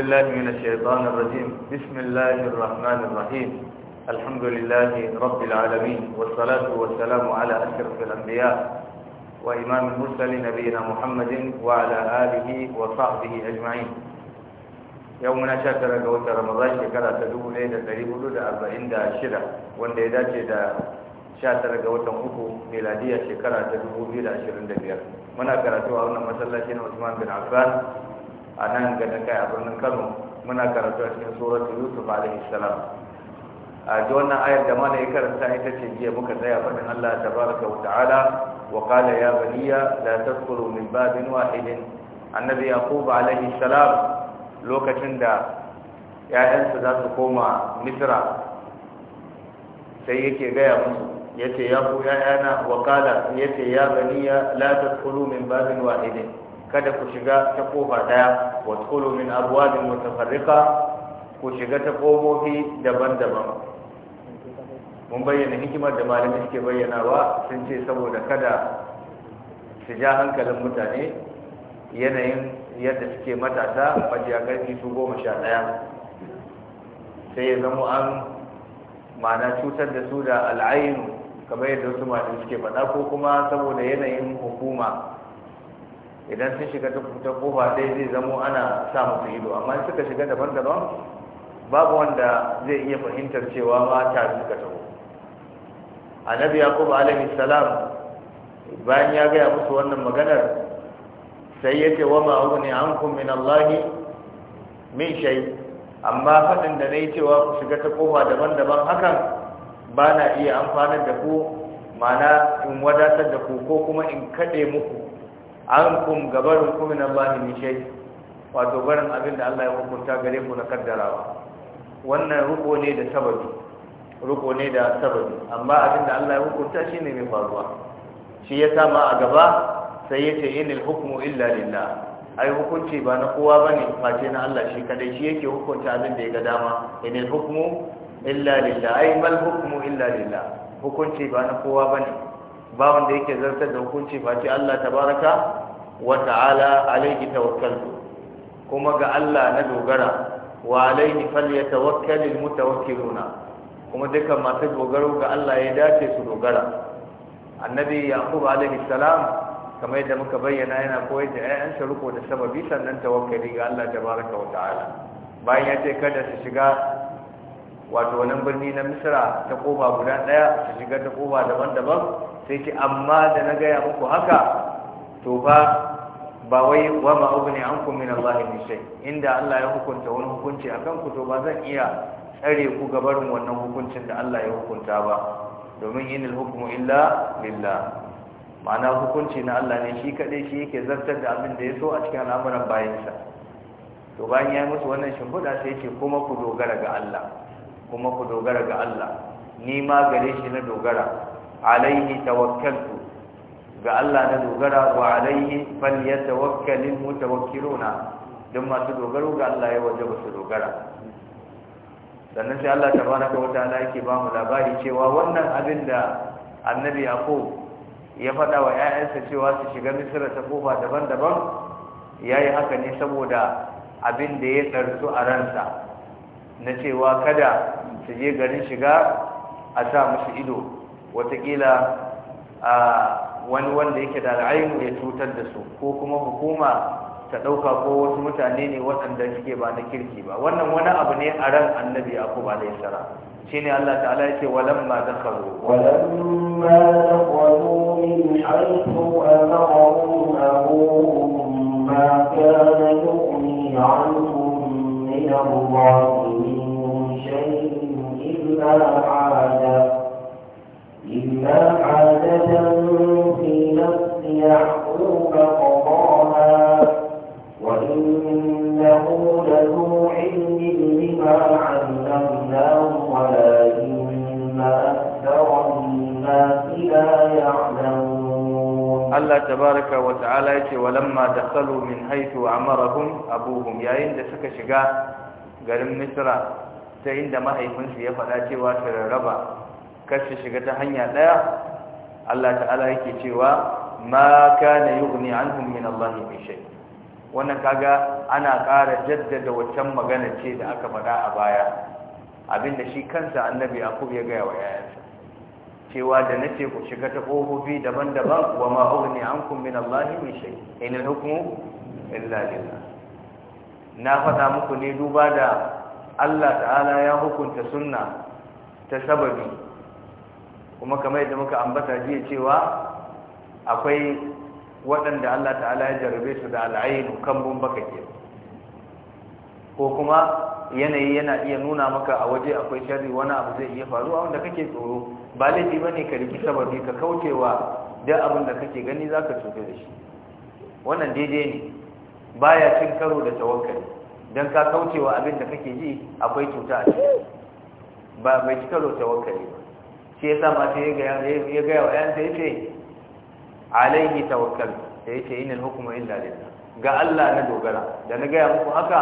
بالله من الشيطان الرجيم بسم الله الرحمن الرحيم الحمد لله رب العالمين والصلاة والسلام على أشرف الأنبياء وإمام المرسل نبينا محمد وعلى آله وصحبه أجمعين يومنا شكرا قوت رمضان شكرا تدوب ليلة تريب لدى أربعين دا شدة وان دا دا شكرا قوت أخو ميلادية شكرا تدوب ليلة عشرين دا بيار منا كراتوا أولا مسلسين عثمان بن عفان a nan ga kai a birnin kano muna karatu a cikin suratul yusuf alaihi salam a ji wannan ayar da mana ya karanta ita ce jiya muka tsaya faɗin Allah tabaraka wa ta'ala wa qala ya baliya la tadkhulu min babin wahidin annabi yaqub alaihi salam lokacin da ƴaƴansa za su koma misra sai yake gaya musu yace ya ku ƴaƴana wa qala yace ya baliya la tadkhulu min babin wahidin kada ku shiga ta kofa daya wa tsoro min abwabin mutafarrika ku shiga ta komofi daban-daban mun bayyana hikimar da malamai suke bayyanawa sun ce saboda kada su ja hankalin mutane yanayin yadda suke matasa majiya karfi su goma sha ɗaya sai ya zama an mana cutar da su da al'ainu kamar yadda wasu malamai suke faɗa ko kuma saboda yanayin hukuma idan sun shiga ta kofa dai zai zamo ana sa musu ido amma suka shiga daban-daban babu wanda zai iya fahimtar cewa mata suka taho annabi yaqub alaihi salam bayan ya gaya musu wannan maganar sai ya ce wa ma ne an min allahi min shai amma faɗin da na yi cewa ku shiga ta kofa daban-daban hakan ba na iya amfanar da ku mana in wadatar da ku ko kuma in kaɗe muku an kum gabarin kuma na bani shay wato barin abin da Allah ya hukunta gare ku na kaddarawa wannan ruko ne da sababi ruko ne da sababi amma abin da Allah ya hukunta shine mai faruwa shi ya sa ma a gaba sai yace inil hukmu illa lillah ai hukunci ba na kowa bane face na Allah shi kadai shi yake hukunta abin da ya ga dama inil hukmu illa lillah ai mal hukmu illa lillah hukunci ba na kowa bane ba wanda yake zartar da hukunci face Allah tabaraka wa ta'ala alayhi tawakkaltu kuma ga Allah na dogara wa alayhi falyatawakkalul mutawakkiluna kuma duka masu dogaro ga Allah ya dace su dogara annabi yaqub alayhi salam kamar yadda muka bayyana yana koyar da ƴaƴansa riko da sababi sannan tawakkali ga Allah tabaraka wa ta'ala bayan ya ce kada su shiga wato wannan birni na misra ta koba guda daya su shiga ta koba daban-daban sai ce amma da na gaya muku haka to fa ba wai wa ma ne ankum min Allah min shay inda Allah ya hukunta wani hukunci akan ku to ba zan iya tsare ku gabarin wannan hukuncin da Allah ya hukunta ba domin inil hukmu illa lillah ma'ana hukunci na Allah ne shi kaɗai shi yake zartar da abin da ya so a cikin al'amuran bayansa to bayan ya musu wannan shimfiɗa sai ce kuma ku dogara ga Allah kuma ku dogara ga Allah ni ma gare shi na dogara alaihi tawakkaltu ga Allah na dogara wa alaihi falyatawakkalul mutawakkiluna don masu dogaro ga Allah ya waje su dogara sannan sai Allah tabaraka wa ta'ala yake ba mu labari cewa wannan abin da annabi Yaqub ya faɗawa wa ƴaƴansa cewa su shiga misira ta kofa daban-daban yayi haka ne saboda abin da ya tsarsu a ransa na cewa kada su je garin shiga a sa musu ido watakila a wani wanda yake da al'ainu ya cutar da su ko kuma hukuma ta ɗauka ko wasu mutane ne waɗanda suke ba na kirki ba wannan wani abu ne a ran annabi yaqub alayhi Shi ne Allah ta'ala yake walamma dakhalu walamma dakhalu min haythu amarahum abuhum ma kana yughni anhum min Allah min shay'in illa 'ada tabaraka wa ta'ala yace walamma dakhalu min haythu amarahum abuhum yayin da suka shiga garin misra sai inda mahaifinsu ya fada cewa tare raba kashe shiga ta hanya ɗaya. Allah ta'ala yake cewa ma kana yughni anhum min Allah min shay wannan kaga ana ƙara jaddada waccan magana ce da aka faɗa a baya abinda shi kansa annabi Yaqub ya gaya wa yayansa cewa da nace ku shiga ta kofofi daban-daban wa ma ughni ankum min Allah min shay in al-hukmu illa lillah na faɗa muku ne duba da Allah ta'ala ya hukunta sunna ta sababi kuma kamar yadda muka ambata jiya cewa akwai waɗanda Allah ta'ala ya jarabe su da al'ainu kambun baka ke ko kuma yanayi yana iya nuna maka a waje akwai sharri wani abu zai iya faruwa wanda kake tsoro ba laifi ba ne ka riki sababi ka kaucewa duk abin da kake gani za ka cuta da shi wannan daidai ne baya cin karo da tawakkali don ka kaucewa abin da kake ji akwai cuta a ciki ba mai ci karo tawakkali ba shi ya sa sai ya gaya wa ta ya ce alaihi tawakkal da ya ce inal hukmu illa lillah ga Allah na dogara da na gaya muku haka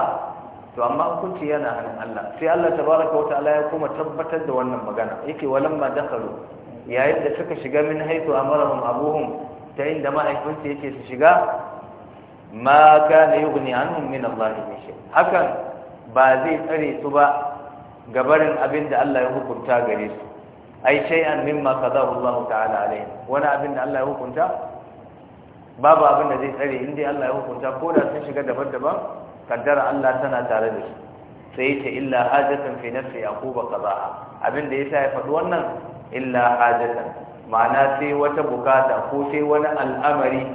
to amma hukunci yana hannun Allah sai Allah baraka wata Allah ya kuma tabbatar da wannan magana yake walamma dakhalu yayin da suka shiga min haitu amarahum abuhum ta inda ma'aikunta yake su shiga ma kana yughni anhum min Allah min shay hakan ba zai tsare su ba gabarin abinda Allah ya hukunta gare su ai shay'an mimma qadahu Allah ta'ala alaihi wani abin da Allah ya hukunta babu abin da zai tsare inda Allah ya hukunta ko da sun shiga daban-daban kaddara Allah tana tare da su sai ta illa hajatan fi nafsi yaquba qadaha abin da yasa ya faɗi wannan illa hajatan ma'ana sai wata bukata ko sai wani al'amari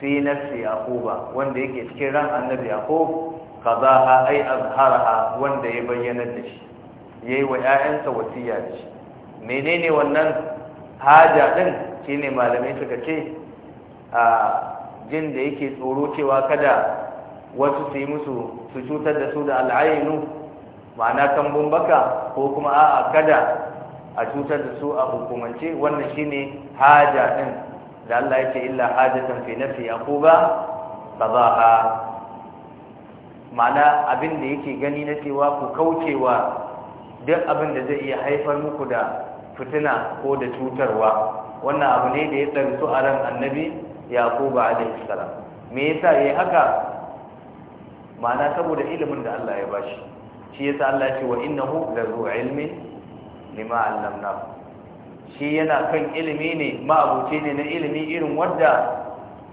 fi nafsi yaquba wanda yake cikin ran annabi yaqub qadaha ai azharaha wanda ya bayyana da shi yayi wa ƴaƴansa wasiya da shi menene wannan haja din shine malamai suka ce a jin da yake tsoro cewa kada wasu su yi musu su cutar da su da al'ayinu ma'ana kambun baka ko kuma a kada a cutar da su a hukumance wannan shine haja din da Allah yake illa hajatan fi nafsi ba ha ma'ana abin da yake gani na cewa ku kaucewa duk abin da zai iya haifar muku da fitina ko da cutarwa wannan abu ne da ya tsarsu a ran annabi yaquba a salam me yasa yayi haka ma'ana saboda ilimin da Allah ya bashi shi yasa Allah ya ce wa innahu la ilimin ilmi lima allamna shi yana kan ilimi ne ma'abuce ne na ilimi irin wanda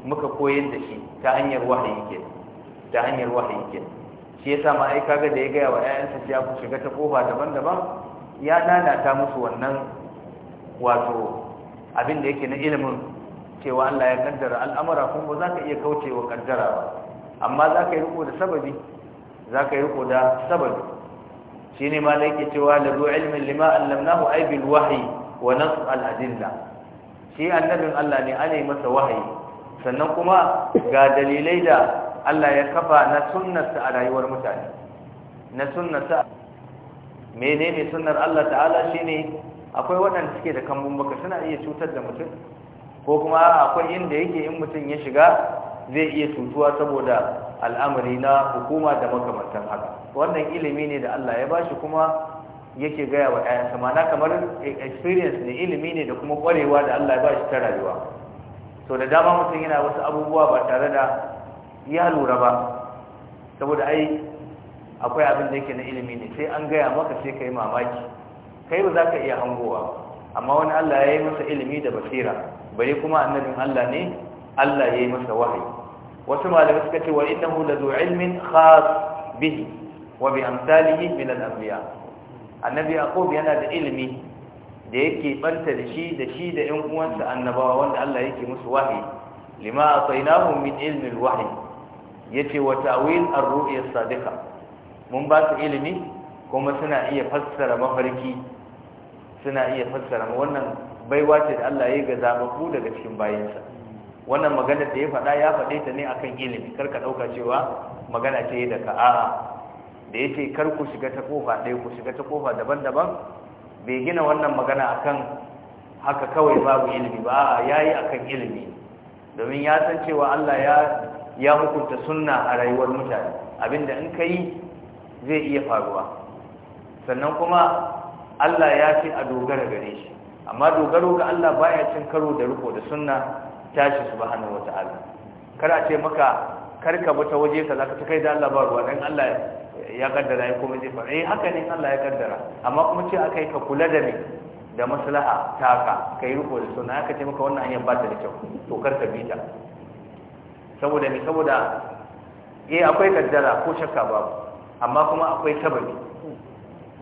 muka koyar da shi ta hanyar wahayi ke ta hanyar wahayi ke shi yasa sa ai da ya gaya wa ƴaƴansa ya ku shiga ta kofa daban-daban ya lalata musu wannan wato abin da yake na ilimin cewa Allah ya kaddara al'amura kuma za ka iya kaucewa kaddara ba amma za ka yi riko da sababi za ka yi riko da sababi shi ne ma da yake cewa da zuwa ilimin lima allamnahu aibil wahayi wa nasu al'adilla shi annabin Allah ne ana yi masa wahayi sannan kuma ga dalilai da Allah ya kafa na sunnarsa a rayuwar mutane na sunnarsa menene sunnar Allah ta'ala shine akwai waɗanda suke da kambun baka suna iya cutar da mutum ko kuma akwai inda yake in mutum ya shiga zai iya cutuwa saboda al'amari na hukuma da makamantan haka wannan ilimi ne da Allah ya bashi kuma yake gaya wa ƴaƴansa mana kamar experience ne ilimi ne da kuma ƙwarewa da Allah ya bashi ta rayuwa to da dama mutum yana wasu abubuwa ba tare da ya lura ba saboda ai akwai abin da yake na ilimi ne sai an gaya maka sai ka yi mamaki kai ba za ka iya hangowa amma wani Allah ya yi masa ilimi da basira Bari kuma annabin Allah ne Allah ya yi masa wahayi wasu malamai suka ce wa innahu la zu ilmin khas bihi wa bi amsalihi min al anbiya annabi yaqub yana da ilimi da yake banta da shi da shi da ƴan uwansa annabawa wanda Allah yake musu wahayi lima atainahum min ilmi al wahyi yace wa ta'wil ar-ru'ya sadiqah mun ba su ilimi kuma suna iya fassara mafarki suna iya fassara wannan baiwa ce da Allah ya ga zababu daga cikin bayinsa wannan magana da ya faɗa ya faɗe ta ne akan ilimi kar ka ɗauka cewa magana ce da ka a'a da yake kar ku shiga ta kofa ɗaya ku shiga ta kofa daban-daban bai gina wannan magana akan haka kawai babu ilimi ba a'a ya yayi akan ilimi domin ya san cewa Allah ya hukunta sunna a rayuwar mutane abinda in ka yi zai iya faruwa sannan kuma Allah ya ce a dogara gare shi amma dogaro ga Allah baya cin karo da riko da sunna tashi subhanahu wataala kar a ce maka karka bi ta waje ka zaka ta kai da Allah ba ruwa dan Allah ya kaddara ya kuma zai fara eh haka ne Allah ya kaddara amma kuma ce akai ka kula da ni da maslaha taka kai riko da sunna aka ce maka wannan hanyar ba ta da kyau to karka bi ta saboda me saboda eh akwai kaddara ko shakka babu amma kuma akwai sababi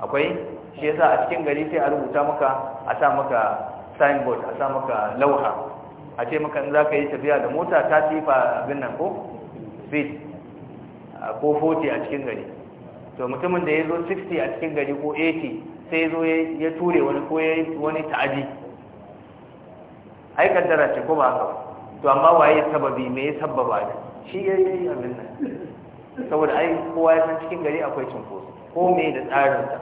akwai shi yasa a cikin gari sai a rubuta maka a sa maka signboard a sa maka lauha a ce maka in za ka yi tafiya da mota ta tifa abin nan ko speed ko 40 a cikin gari to mutumin da ya zo 60 a cikin gari ko 80 sai ya zo ya ture wani ko ya wani ta'adi ai kaddara ce ko ba haka to amma waye sababi me ya sababa shi yayi abin nan saboda ai kowa ya san cikin gari akwai cinkoso ko me da tsarinsa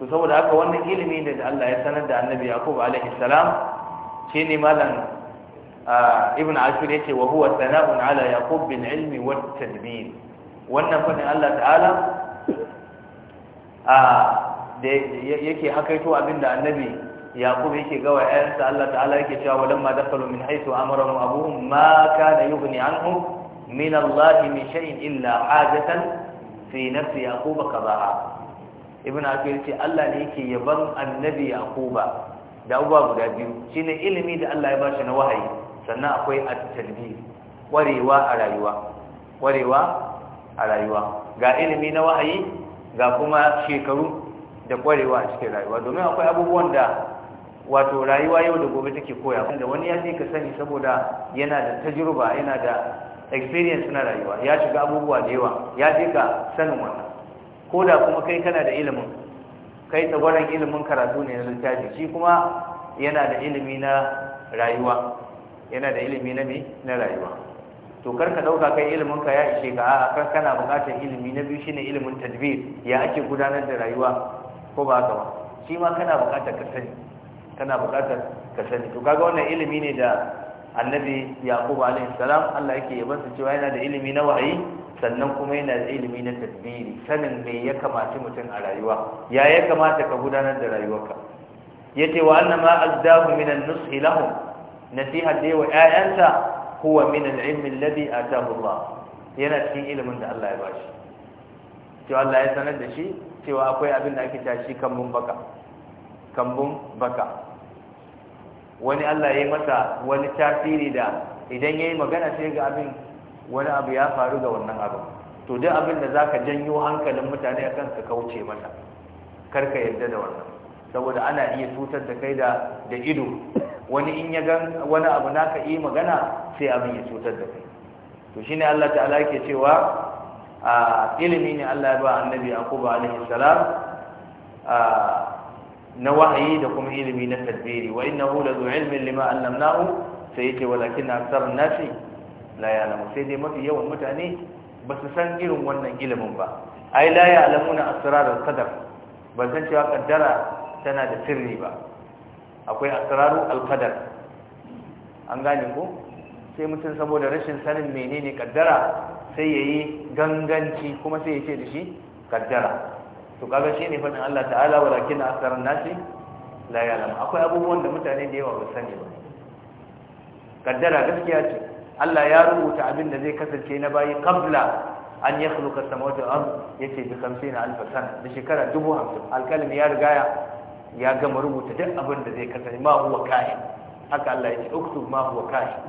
to saboda haka wannan ilimi da Allah ya sanar da annabi yaqub alaihi salam shi ne malam ibn ashur yace wa huwa sana'un ala yakub bin ilmi wa tadbir wannan fadin Allah ta'ala da yake hakaito abinda annabi yaqub yake ga wa ayyansa Allah ta'ala yake cewa walamma dakalu min haythu amara abuhum ma kana yughni anhum minallahi Allah min shay'in illa hajatan fi nafsi yaquba qadaha ibn akir ce Allah ne yake yaban annabi yaquba da abubuwa guda biyu shine ilimi da Allah ya bashi na wahayi sannan akwai at warewa a rayuwa warewa a rayuwa ga ilimi na wahayi ga kuma shekaru da kwarewa a cikin rayuwa domin akwai abubuwan da wato rayuwa yau da gobe take koya wanda wani ya ce ka sani saboda yana da tajruba yana da experience na rayuwa ya shiga abubuwa da yawa ya je ka sanin wannan ko da kuma kai kana da ilimin kai tsagwaron ilimin karatu ne na littafi shi kuma yana da ilimi na rayuwa yana da ilimi na me na rayuwa to kar ka dauka kai ilimin ka ya ishe ka a'a kar kana buƙatar ilimi na biyu shine ilimin tadbir ya ake gudanar da rayuwa ko ba haka ba shi ma kana buƙatar ka sani kana bukatar ka sani to kaga wannan ilimi ne da annabi yaqub alaihi salam Allah yake yabansa cewa yana da ilimi na wahayi sannan kuma yana da ilimi na tadbiri sanin me ya kamata mutum a rayuwa ya ya kamata ka gudanar da rayuwarka yace wa annama azdahu min an-nushi lahum nasiha dai wa ayyansa huwa min al-ilmi alladhi Allah yana cikin ilimin da Allah ya bashi cewa Allah ya sanar da shi cewa akwai abin da ake tashi kambun baka kambun baka wani Allah ya yi masa wani tasiri da idan ya yi magana sai ga abin wani abu ya faru ga wannan abu to duk abin da zaka janyo hankalin mutane akan su kauce masa karka yarda da wannan saboda ana iya cutar da kai da ido wani in ya gan wani abu naka yi magana sai abin ya cutar da kai to shine Allah ta'ala yake cewa a ah, ilimi ne Allah ya ba annabi akuba alaihi salam a ah, na wahayi da kuma ilimi na tadbiri wa innahu la zu ilmin lima allamnahu sai yake walakin aksar nasi la ya'lamu sai dai mafi yawan mutane ba su san irin wannan ilimin ba ai la ya'lamuna asrarar qadar ba san cewa kaddara tana da sirri ba akwai asraru alqadar an gane ko sai mutum saboda rashin sanin menene kaddara sai yayi ganganci kuma sai ya ce da shi kaddara to kaga shine fadin Allah ta'ala walakin aktharun nasi la ya'lam akwai abubuwan da mutane da yawa ba sani ba kaddara gaskiya ce Allah ya rubuta abin da zai kasance na bayi qabla an yakhluqa samawati wal ard yace bi 50000 sana da shekara 50 alkalmi ya riga ya gama rubuta duk abin da zai kasance ma huwa kahin haka Allah yace uktub ma huwa kahin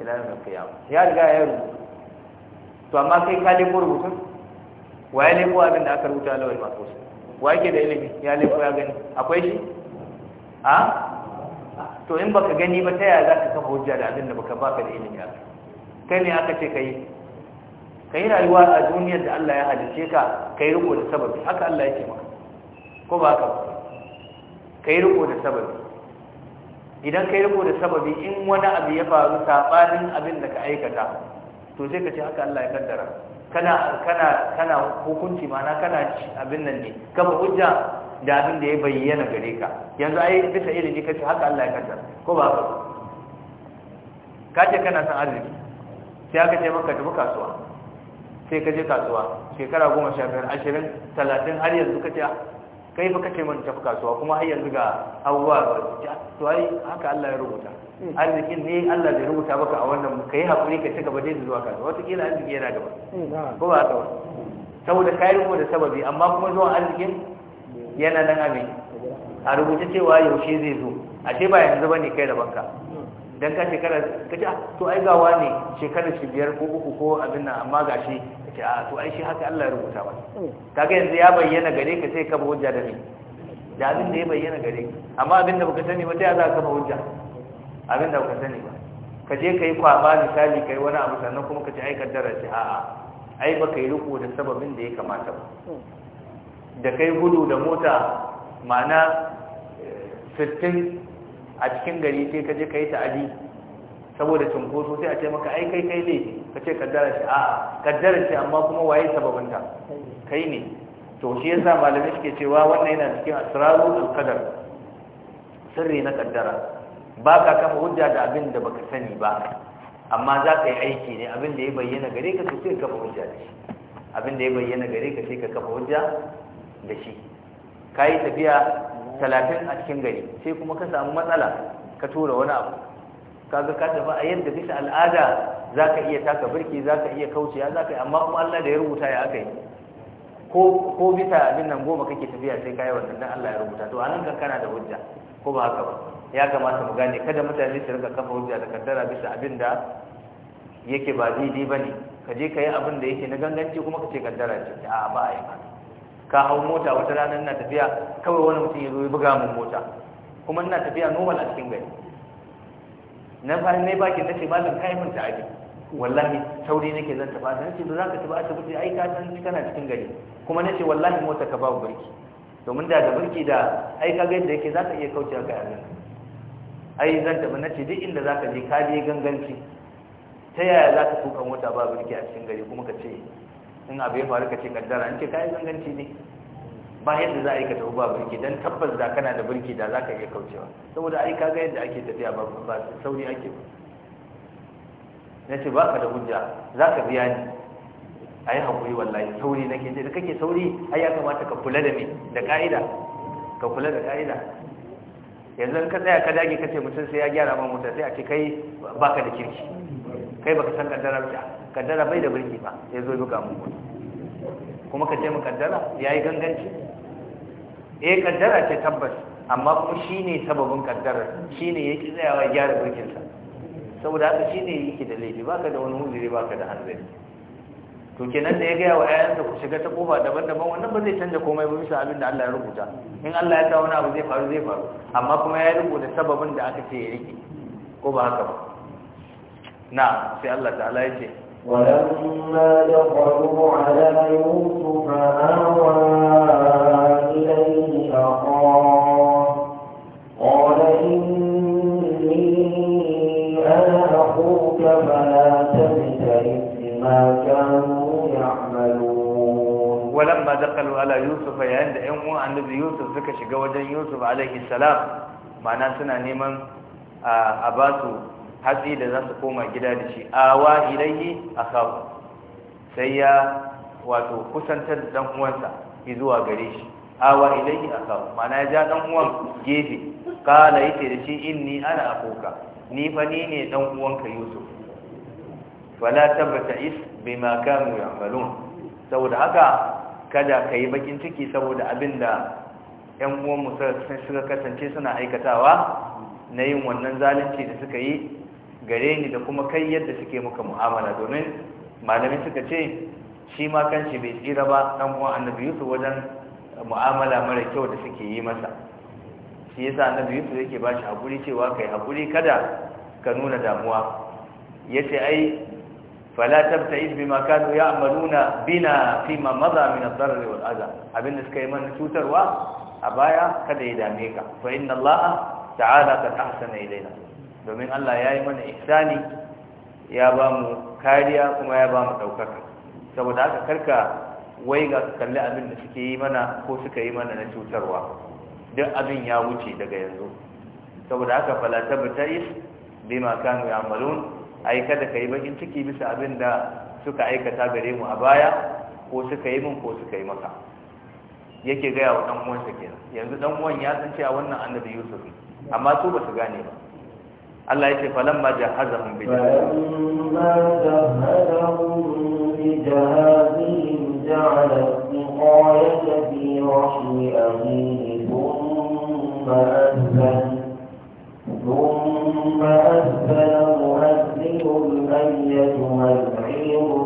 ila yawm al-qiyamah ya riga ya rubuta to amma kai ka lebo rubutun waye lefo abin da aka rubuta lawal mahfuz waye ke da ilimi ya lefo ya gani akwai shi a to in baka gani ba ta yaya za ka kafa hujja da abin da baka baka da ilimi a kai ne aka ce kai kai rayuwa a duniyar da Allah ya halice ka kai riko da sababi haka Allah yake maka ko ba haka kai riko da sababi idan kai riko da sababi in wani abu ya faru sabanin abin da ka aikata to sai ka ce haka Allah ya kaddara kana kana kana hukunci mana kana abin nan ne kama hujja da abin da ya bayyana gare ka yanzu ai bisa ilimi ce haka Allah ya kaddara ko ba ka ce kana san arziki sai aka ce maka tafi kasuwa sai ka je kasuwa shekara goma sha biyar ashirin talatin har yanzu ka ce kai fa kace mun tafi kasuwa kuma har yanzu ga abubuwa ba to ai haka Allah ya rubuta hmm. arzikin ne Allah zai rubuta baka a wannan yi hakuri ka ci gaba dai zuwa kasuwa wata kila arziki yana gaba hmm. ko ba haka ba saboda kai rubuta da sababi amma kuma zuwa arzikin yana nan abin a rubuta cewa yaushe zai zo a ce ba yanzu bane kai da banka Idan ka shekara ka ce ah, to ai gawa ne shekara shi biyar ko uku ko abin nan amma gashi ka ce a ah, to ai shi haka Allah ya rubuta ba hmm. ga yanzu ya bayyana gare ka sai ka ba hujja da ni da abin da ya bayyana gare ka amma abin da baka sani ba sai za ka ba hujja abin da baka sani ba ka je kai kwaba misali kai wani abu sannan kuma ka ce ai kaddara ce a'a ai baka yi riko da sababin da ya kamata ba hmm. da kai gudu da mota ma'ana eh, sittin. a cikin gari sai ka je ka yi ta'adi saboda cunkoso sai a ce maka ai kai kai ne ka ce kaddara shi a'a kaddara ce amma kuma waye ta kai ne to shi yasa malamai suke cewa wannan yana cikin asrarul alqadar sirri na kaddara ba ka kafa hujja da abin da baka sani ba amma za ka yi aiki ne abin da ya bayyana gare ka sai ka kafa hujja da shi abin da ya bayyana gare ka sai ka kafa hujja da shi ka yi tafiya talatin a cikin gari sai kuma ka samu matsala ka tura wani abu kaga ka tafi a yadda bisa al'ada za ka iya taka birki za ka iya kauciya za ka yi amma kuma Allah da ya rubuta ya aka yi ko bisa abin nan goma kake tafiya sai ka yi wannan dan Allah ya rubuta to anan kan kana da hujja ko ba haka ba ya kamata mu gane kada mutane su rika kafa hujja da kaddara bisa abin da yake ba daidai bane ka je ka yi abin da yake na ganganci kuma ka ce kaddara ce a ba a yi ba ka hau mota wata ranar na tafiya kawai wani mutum ya zo ya buga min mota kuma ina tafiya normal a cikin gari na fara ne baki ta ce malam kai mun ta'abi wallahi sauri nake zan tafi asibiti nace ba za ka tafi asibiti ai ka san kana cikin gari kuma nace wallahi mota ka babu burki domin da da burki da ai ka ga yadda yake za ka iya kaucewa ga abin ai zan tafi nace duk inda za ka je ka je ganganci ta yaya za ka tuka mota babu burki a cikin gari kuma ka ce in abu ya faru ka ce kaddara in ce ka yi zanganci ne ba yadda za a yi ka tafi ba birki don tabbas da kana da birki da za ka iya kaucewa saboda ai ka ga yadda ake tafiya ba ba sauri ake ba na ce ba ka da hujja za ka biya ni a yi haƙuri wallahi sauri nake ce da kake sauri ai ya kamata ka kula da me da ka'ida ka kula da ka'ida yanzu ka tsaya ka dage ka ce mutum sai ya gyara ma mutum, sai a ce kai ka da kirki kai baka san kaddara ba kaddara bai da birki ba sai zo buga mu kuma ka ce mu kaddara yayi ganganci eh kaddara ce tabbas amma kuma shine sababin kaddara shine yake tsayawa gyara birkin sa saboda haka shine yake da laifi baka da wani mulki baka da hanzari to kenan da ya gaya wa ƴaƴansa ku shiga ta kofa daban-daban wannan ba zai canja komai ba bisa abin da Allah ya rubuta in Allah ya sa wani abu zai faru zai faru amma kuma ya rubuta sababin da aka ce ya rike ko ba haka ba na sai Allah ta'ala ya ce ولما دخلوا على يوسف آوى إليه أخاه قال إني أنا أخوك فلا تبتئس بما كانوا يعملون ولما دخلوا على يوسف يعني da ƴan uwan annabi Yusuf suka shiga wajen Yusuf alaihi salam ma'ana suna hatsi da za su koma gida da shi a awa ilayhi akahu sai ya wato kusantar da dan uwansa zuwa gare shi a awa ilayhi akahu mana ya ja dan gefe kala yake da shi inni ana akoka ni fa ni ne dan uwanka yusuf fala tabbata is bima kanu ya'malun saboda haka kada ka yi bakin ciki saboda abinda da uwan musa suka kasance suna aikatawa na yin wannan zalunci da suka yi gare ni da kuma kai yadda suke muka mu'amala domin malamai suka ce shi ma kanshi bai tsira ba dan uwan annabi Yusuf wajen mu'amala mara kyau da suke yi masa shi yasa annabi Yusuf yake ba shi hakuri cewa kai hakuri kada ka nuna damuwa yace ai fala tabta'id bima kanu ya'maluna bina fima madha min ad-darr wal adha abinda suka yi mana cutarwa a baya kada ya dame ka fa inna allaha ta'ala qad ahsana ilayna domin Allah ya yi mana ihsani ya ba mu kariya kuma ya ba mu ɗaukaka saboda haka karka wai ga kalli abin da suke yi mana ko suka yi mana na cutarwa duk abin ya wuce daga yanzu saboda haka falata bitaris bima kanu ya'malun ai kada kai bakin ciki bisa abin da suka aikata gare mu a baya ko suka yi mun ko suka yi maka yake gaya wa dan uwansa kenan yanzu dan uwan ya san cewa wannan annabi Yusuf amma su ba su gane ba Allah yake falamma jahazahum bi jahazihim ja'ala iqayata fi rahmi abihi thumma azan ثم أذن مؤذن أيتها العير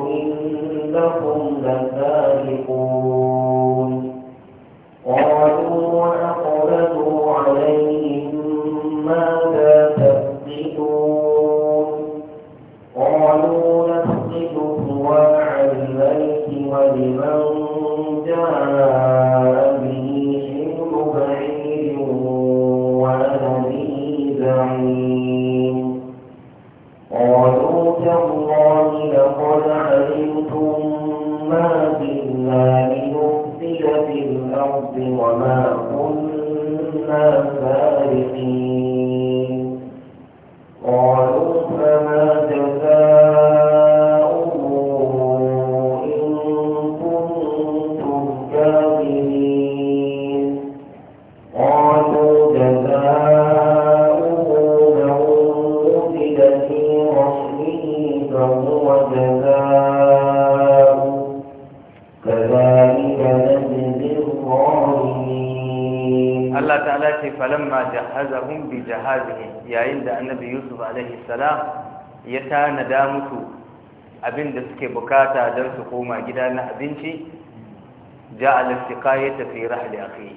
tanada musu abin da suke bukata don su koma gida na abinci ja'ala siqayata fi rahli akhi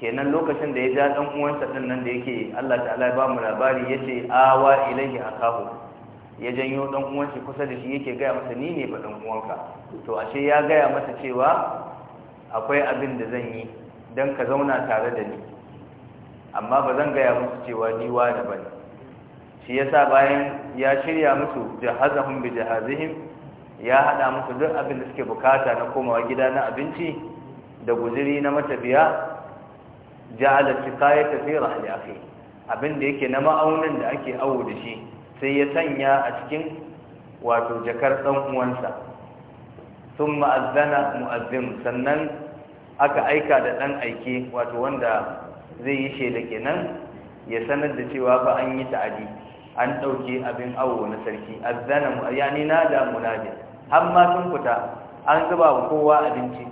kenan lokacin da ya ja dan uwansa din nan da yake Allah ta'ala ba mu labari yace awa ilayhi akahu ya janyo ɗan uwansa kusa da shi yake gaya masa ni ne ba ɗan uwanka to ashe ya gaya masa cewa akwai abin da zan yi don ka zauna tare da ni amma ba zan gaya musu cewa ni ba bane shi yasa bayan ya shirya musu jahazahum bi jahazihim ya hada musu duk abin da suke bukata na komawa gida na abinci da guzuri na matafiya ja'ala shiqayata fi rahli akhi abin da yake na ma'aunin da ake awo da shi sai ya sanya a cikin wato jakar dan uwansa sun ma'azana mu'azzin sannan aka aika da ɗan aike wato wanda zai yi shaida kenan ya sanar da cewa ba an yi ta'adi an ɗauki abin awo na sarki azzana yani na munadi har ma sun fita an zuba wa kowa abinci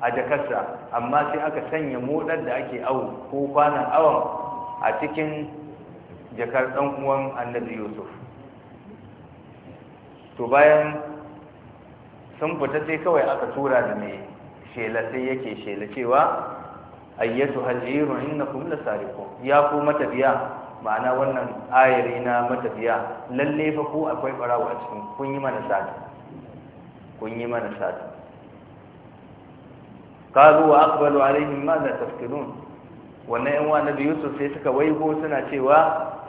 a jakarsa amma sai aka sanya modar da ake awo ko kwanan awon a cikin jakar ɗan uwan annabi yusuf to bayan sun fita sai kawai aka tura da mai shela sai yake shela cewa ayyatu na innakum lasariqu ya ku matafiya ma'ana wannan ayari na matafiya lalle fa ko akwai barawo a cikin kun yi mana sata kun yi mana sata qalu wa aqbalu alaihim ma la tafkirun wannan yan wa nabi yusuf sai suka waigo suna cewa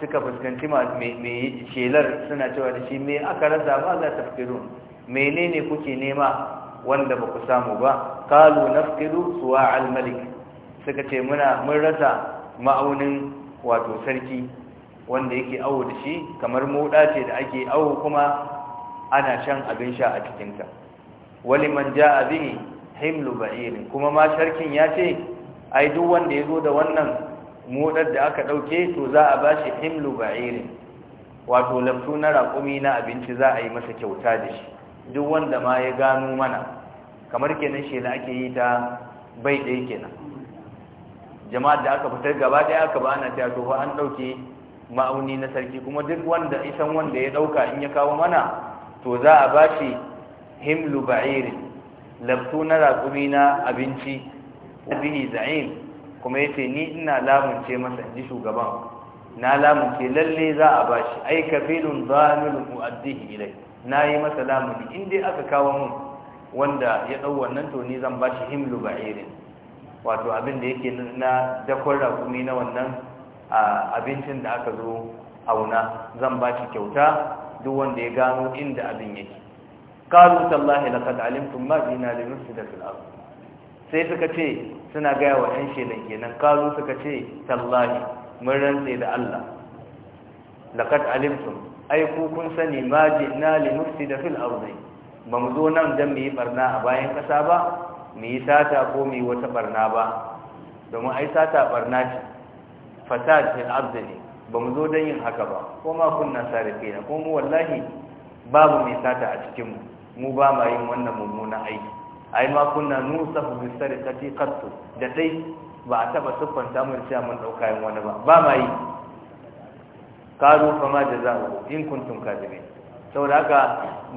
suka fuskanci ma me shelar suna cewa da shi me aka rasa ma la tafkirun menene kuke nema wanda ba ku samu ba qalu nafkiru suwa al malik suka ce muna mun rasa ma'aunin wato sarki wanda yake awo da shi kamar moda ce da ake awo kuma ana shan abin sha a cikinta wali man ja'a bihi himlu ba'irin kuma ma sarkin ya ce ai duk wanda ya zo da wannan modar da aka dauke to za a bashi himlu ba'irin wato laftu na raƙumi na abinci za a yi masa kyauta da shi duk wanda ma ya gano mana kamar kenan shela ake yi ta bai ɗaya kenan jama'ar da aka fitar gaba ɗaya aka ba ana cewa to an ɗauke ma'auni na sarki kuma duk wanda isan wanda ya ɗauka in ya kawo mana to za a ba shi himlu ba'iri labtu na raƙumi na abinci bihi za'in kuma ya ce ni ina lamunce masa in ji shugaban na lamunce lalle za a ba shi ai kafilun zamilun mu'addihi ilai na yi masa lamuni in dai aka kawo mun wanda ya ɗau wannan to ni zan ba shi himlu ba'irin wato abin da yake na dakon rakumi na wannan abincin da aka zo auna zan ba shi kyauta duk wanda ya gano inda abin yake qalu tallahi laqad alimtum ma jina linusida fil ardh sai suka ce suna gaya wa ɗan shelan kenan qalu suka ce tallahi mun rantse da Allah laqad alimtum ai ku kun sani ma jina linusida fil ardh ba mu zo nan dan mu yi barna a bayan kasa ba mu yi sata ko mu yi wata barna ba domin ai sata barna ce fasad fil ardi ne ba mu zo don yin haka ba ko ma kunna sarife ko mu wallahi babu mai sata a cikin mu mu ba ma yin wannan mummunan aiki ai ma kunna nusafu bis sarikati qattu da dai ba a taba siffanta mu cewa mun dauka yin wani ba ba ma yi karu fama jaza'u in kuntum kadibin saboda haka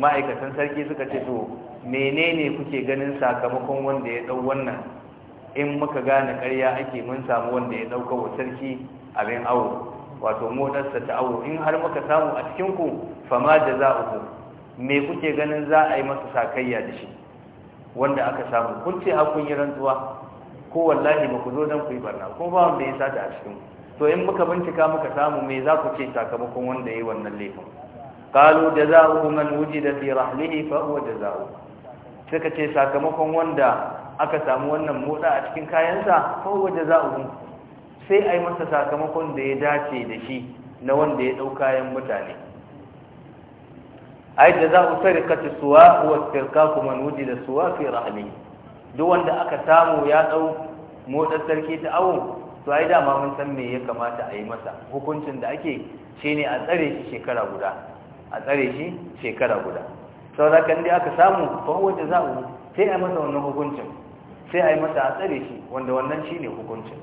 ma'aikatan sarki suka ce to menene kuke ganin sakamakon wanda ya dau wannan in muka gane ƙarya ake mun samu wanda ya dauka wa sarki abin awo wato modarsa ta awo in har muka samu a cikinku, fama da za uku. me kuke ganin za a yi masa sakayya da shi wanda aka samu kun ce har kun yi rantsuwa ko wallahi ba ku zo don ku yi barna ko ba wanda ya sata a cikin to in muka bincika muka samu me za ku ce sakamakon wanda ya yi wannan laifin قالوا جزاؤه من وجد في رحله فهو جزاؤه suka ce sakamakon wanda aka samu wannan motsa a cikin kayansa ko waje za a sai a yi masa sakamakon da ya dace da shi na wanda ya ɗau kayan mutane A yi da za a sarikata suwa wa sirka kuma nuji da suwa fi rahami duk wanda aka samu ya ɗau motsa sarki ta awon to yi dama mun san me ya kamata a yi masa hukuncin da ake shi shekara a tsare shi shekara guda sau da kan dai aka samu ba wanda za sai a yi masa wannan hukuncin sai a yi masa a tsare shi wanda wannan shi ne hukuncin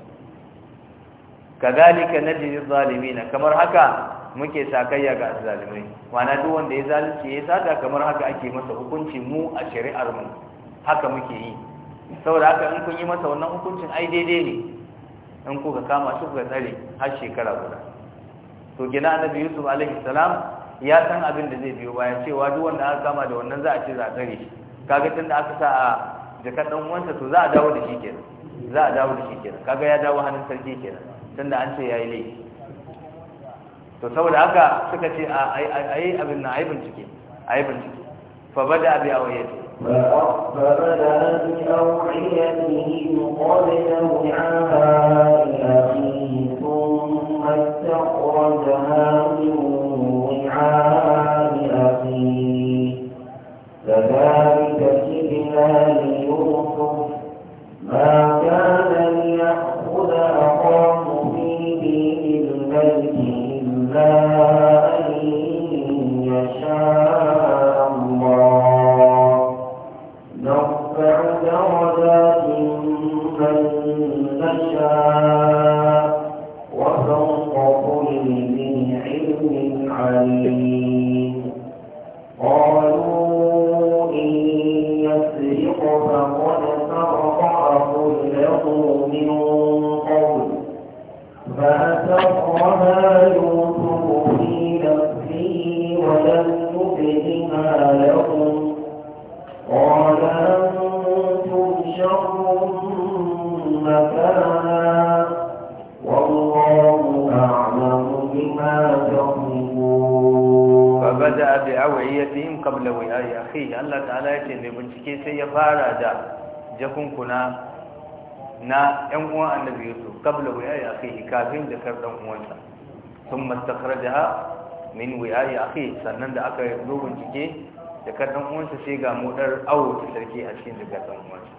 kazalika zalimi na kamar haka muke sakayya ga zalimai wana duk wanda ya zalunci ya sata kamar haka ake masa hukunci mu a shari'ar mu haka muke yi saboda haka in kun yi masa wannan hukuncin ai daidai ne in kuka kama shi kuka tsare har shekara guda to gina annabi yusuf alaihi salam ya san abin da zai biyo baya cewa duk wanda aka kama da wannan za a ce za a tsare shi kaga tunda aka sa a jaka dan wanda to za a dawo da shi kenan za a dawo da shi kenan kaga ya dawo hannun sarki kenan tunda an ce yayi laifi to saboda haka suka ce a yi abin na ai bincike ai bincike fa bada abi awayati فأخبر بأوعيته قبل وعاء أخيه استخرجها من وعاء أخيه كذلك كدنا ليوسف ما كان ليأخذ أخاه في دين البيت إلا أن يشاء الله نرفع درجات من نشاء عليم قالوا إن يسرق فقد سرق أخذ فأسرها يوسف في نفسه ولم wa'iyyatihim qabla wa'iyi akhi Allah ta'ala yake mai bincike sai ya fara da jakunkuna na ɗan uwan annabi Yusuf qabla wa'iyi akhi kafin da kar dan uwansa thumma istakhrajaha min wa'iyi akhi sannan da aka zo bincike da kar dan uwansa sai ga mudar awo ta sarki a cikin daga dan uwansa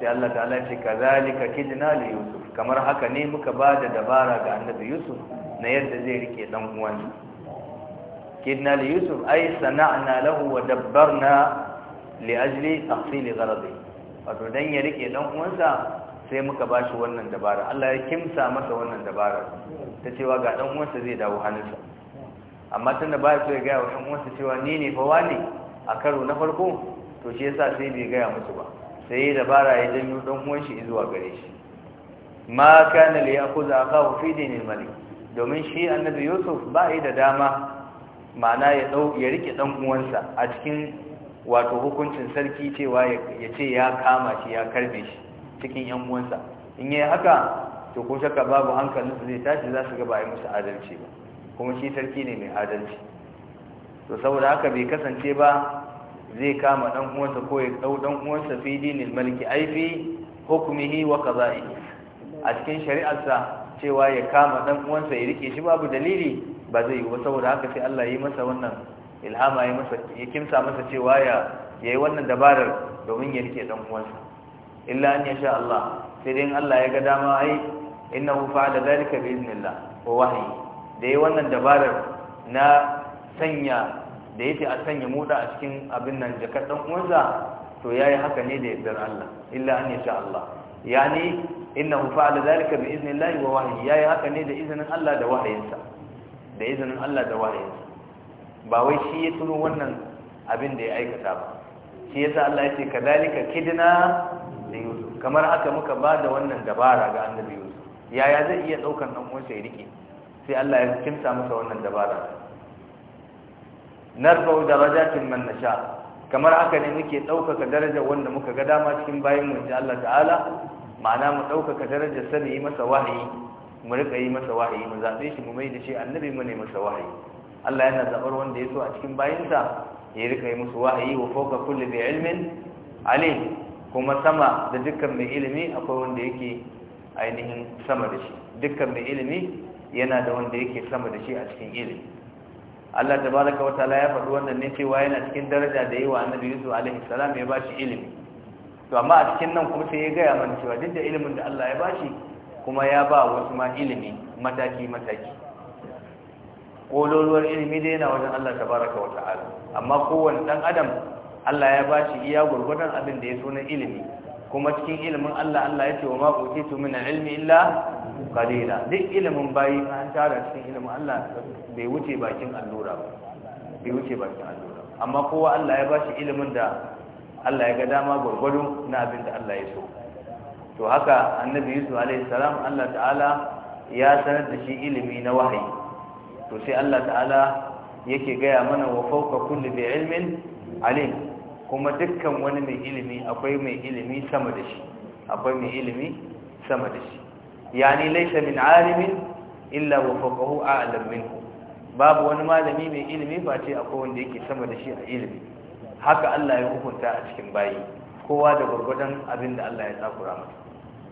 sai Allah ta'ala ya ce kazalika kidna li Yusuf kamar haka ne muka ba da dabara ga annabi Yusuf na yadda zai rike dan uwansa Yusuf كدنا ليوسف أي صنعنا له ودبرنا لأجل Wato dan ya rike dan uwansa, sai muka ba shi wannan dabara Allah ya kimsa masa wannan dabara ta cewa ga ɗan uwansa zai dawo hannunsa amma tunda ba ya so ya gaya wa dan uwansa cewa ni ne fa wani a karo na farko to shi yasa sai bai gaya musu ba sai dabara ya janyo ɗan uwan shi zuwa gare shi ma kana li yakhudha akahu fi dinil malik domin shi annabi yusuf ba yi da dama ma'ana ya dau ya rike dan uwansa a cikin wato hukuncin sarki cewa ya ce ya kama shi ya karbe shi cikin yan uwansa in yayi haka to ko shakka babu hankalin su zai tashi za su ga ba ai musu adalci ba kuma shi sarki ne mai adalci to saboda haka bai kasance ba zai kama dan uwansa ko ya dau dan uwansa fi dinil maliki ai fi hukmihi wa qada'ihi a cikin shari'arsa cewa ya kama ɗan uwansa ya rike shi babu dalili ba zai yi ba saboda haka sai Allah ya yi masa wannan ilhama ya masa ya kimsa masa cewa ya yi wannan dabarar domin ya rike dan uwansa illa an yasha Allah sai dai Allah ya ga dama ai innahu fa'ala dhalika bi idnillah wa wahyi da yi wannan dabarar na sanya da yake a sanya muda a cikin abin nan jakar dan uwansa to yayi haka ne da yardar Allah illa an yasha Allah yani innahu fa'ala dhalika bi idnillah wa wahyi yayi haka ne da izinin Allah da wahayinsa da izinin Allah da wahayinsa ba wai shi ya tuno wannan abin da ya aikata ba shi yasa Allah ya ce kadalika kidna da Yusuf kamar aka muka ba da wannan dabara ga annabi Yusuf yaya zai iya daukan nan uwansa ya rike sai Allah ya kimsa masa wannan dabara narfa'u darajatin man nasha kamar aka ne muke ɗaukaka darajar wanda muka ga dama cikin bayin mu insha Allah ta'ala ma'ana mu ɗaukaka darajar sani masa wahayi mu rika yi masa wahayi mu zaɓe shi mu mai da shi annabi mu ne masa wahayi Allah yana zaɓar wanda ya so a cikin bayinsa ya rika yi musu wahayi wa fawqa kulli bi ilmin alim kuma sama da dukkan mai ilimi akwai wanda yake ainihin sama da shi dukkan mai ilimi yana da wanda yake sama da shi a cikin ilimi Allah tabaraka wa ta'ala ya faɗi wannan ne cewa yana cikin daraja da yawa annabi Yusuf alaihi salam ya bashi ilimi to amma a cikin nan kuma sai ya gaya mana cewa duk da ilimin da Allah ya bashi kuma ya ba wasu ma ilimi mataki-mataki ƙololuwar ilimi dai yana wajen Allah tabaraka wa ta'ala amma kowane ɗan adam Allah ya ba shi iya gurgudan abin da ya so na ilimi kuma cikin ilimin Allah Allah ya ce wa ma utitu mina ilmi illa qalila duk ilimin bayi an tara cikin ilimin Allah bai wuce bakin allura ba bai wuce bakin allura amma kowa Allah ya ba shi ilimin da Allah ya ga dama gurgurdu na abin da Allah ya so to haka annabi yusuf alaihi salam Allah ta'ala ya sanar da shi ilimi na wahayi to sai Allah ta'ala yake gaya mana wa fawqa kulli bi ilmin alim kuma dukkan wani mai ilimi akwai mai ilimi sama da shi akwai mai ilimi sama da shi yani laysa min alimin illa wa fawqahu a'lam minhu babu wani malami mai ilimi ba ce akwai wanda yake sama da shi a ilimi haka Allah ya hukunta a cikin bayi kowa da gurgurdan abin da Allah ya tsakura masa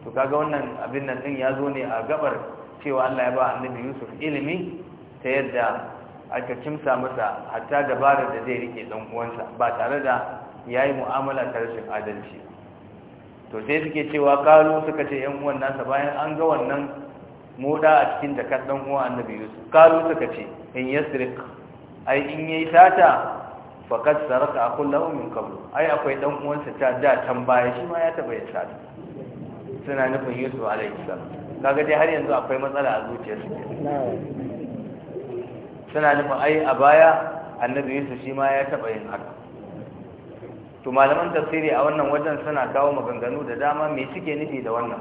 to kaga wannan abin nan din ya zo ne a gabar cewa Allah ya ba annabi Yusuf ilimi ta yadda aka kimsa masa hatta dabarar da zai rike dan uwansa ba tare da yayi mu'amala ta rashin adalci to sai suke cewa kalu suka ce yan uwan nasa bayan an ga wannan moda a cikin kan dan uwan annabi Yusuf kalu suka ce in yasrik ai in yayi tata faqad saraka akullahu min qablu ai akwai dan uwansa ta da tambaya baya shi ma ya taba ya tata suna nufin yusuf alaihi salam kaga dai har yanzu akwai matsala a su suna nufin ai a baya annabi yusuf shi ma ya taɓa yin haka to malaman tafsiri a wannan wajen suna kawo maganganu da dama me suke nufi da wannan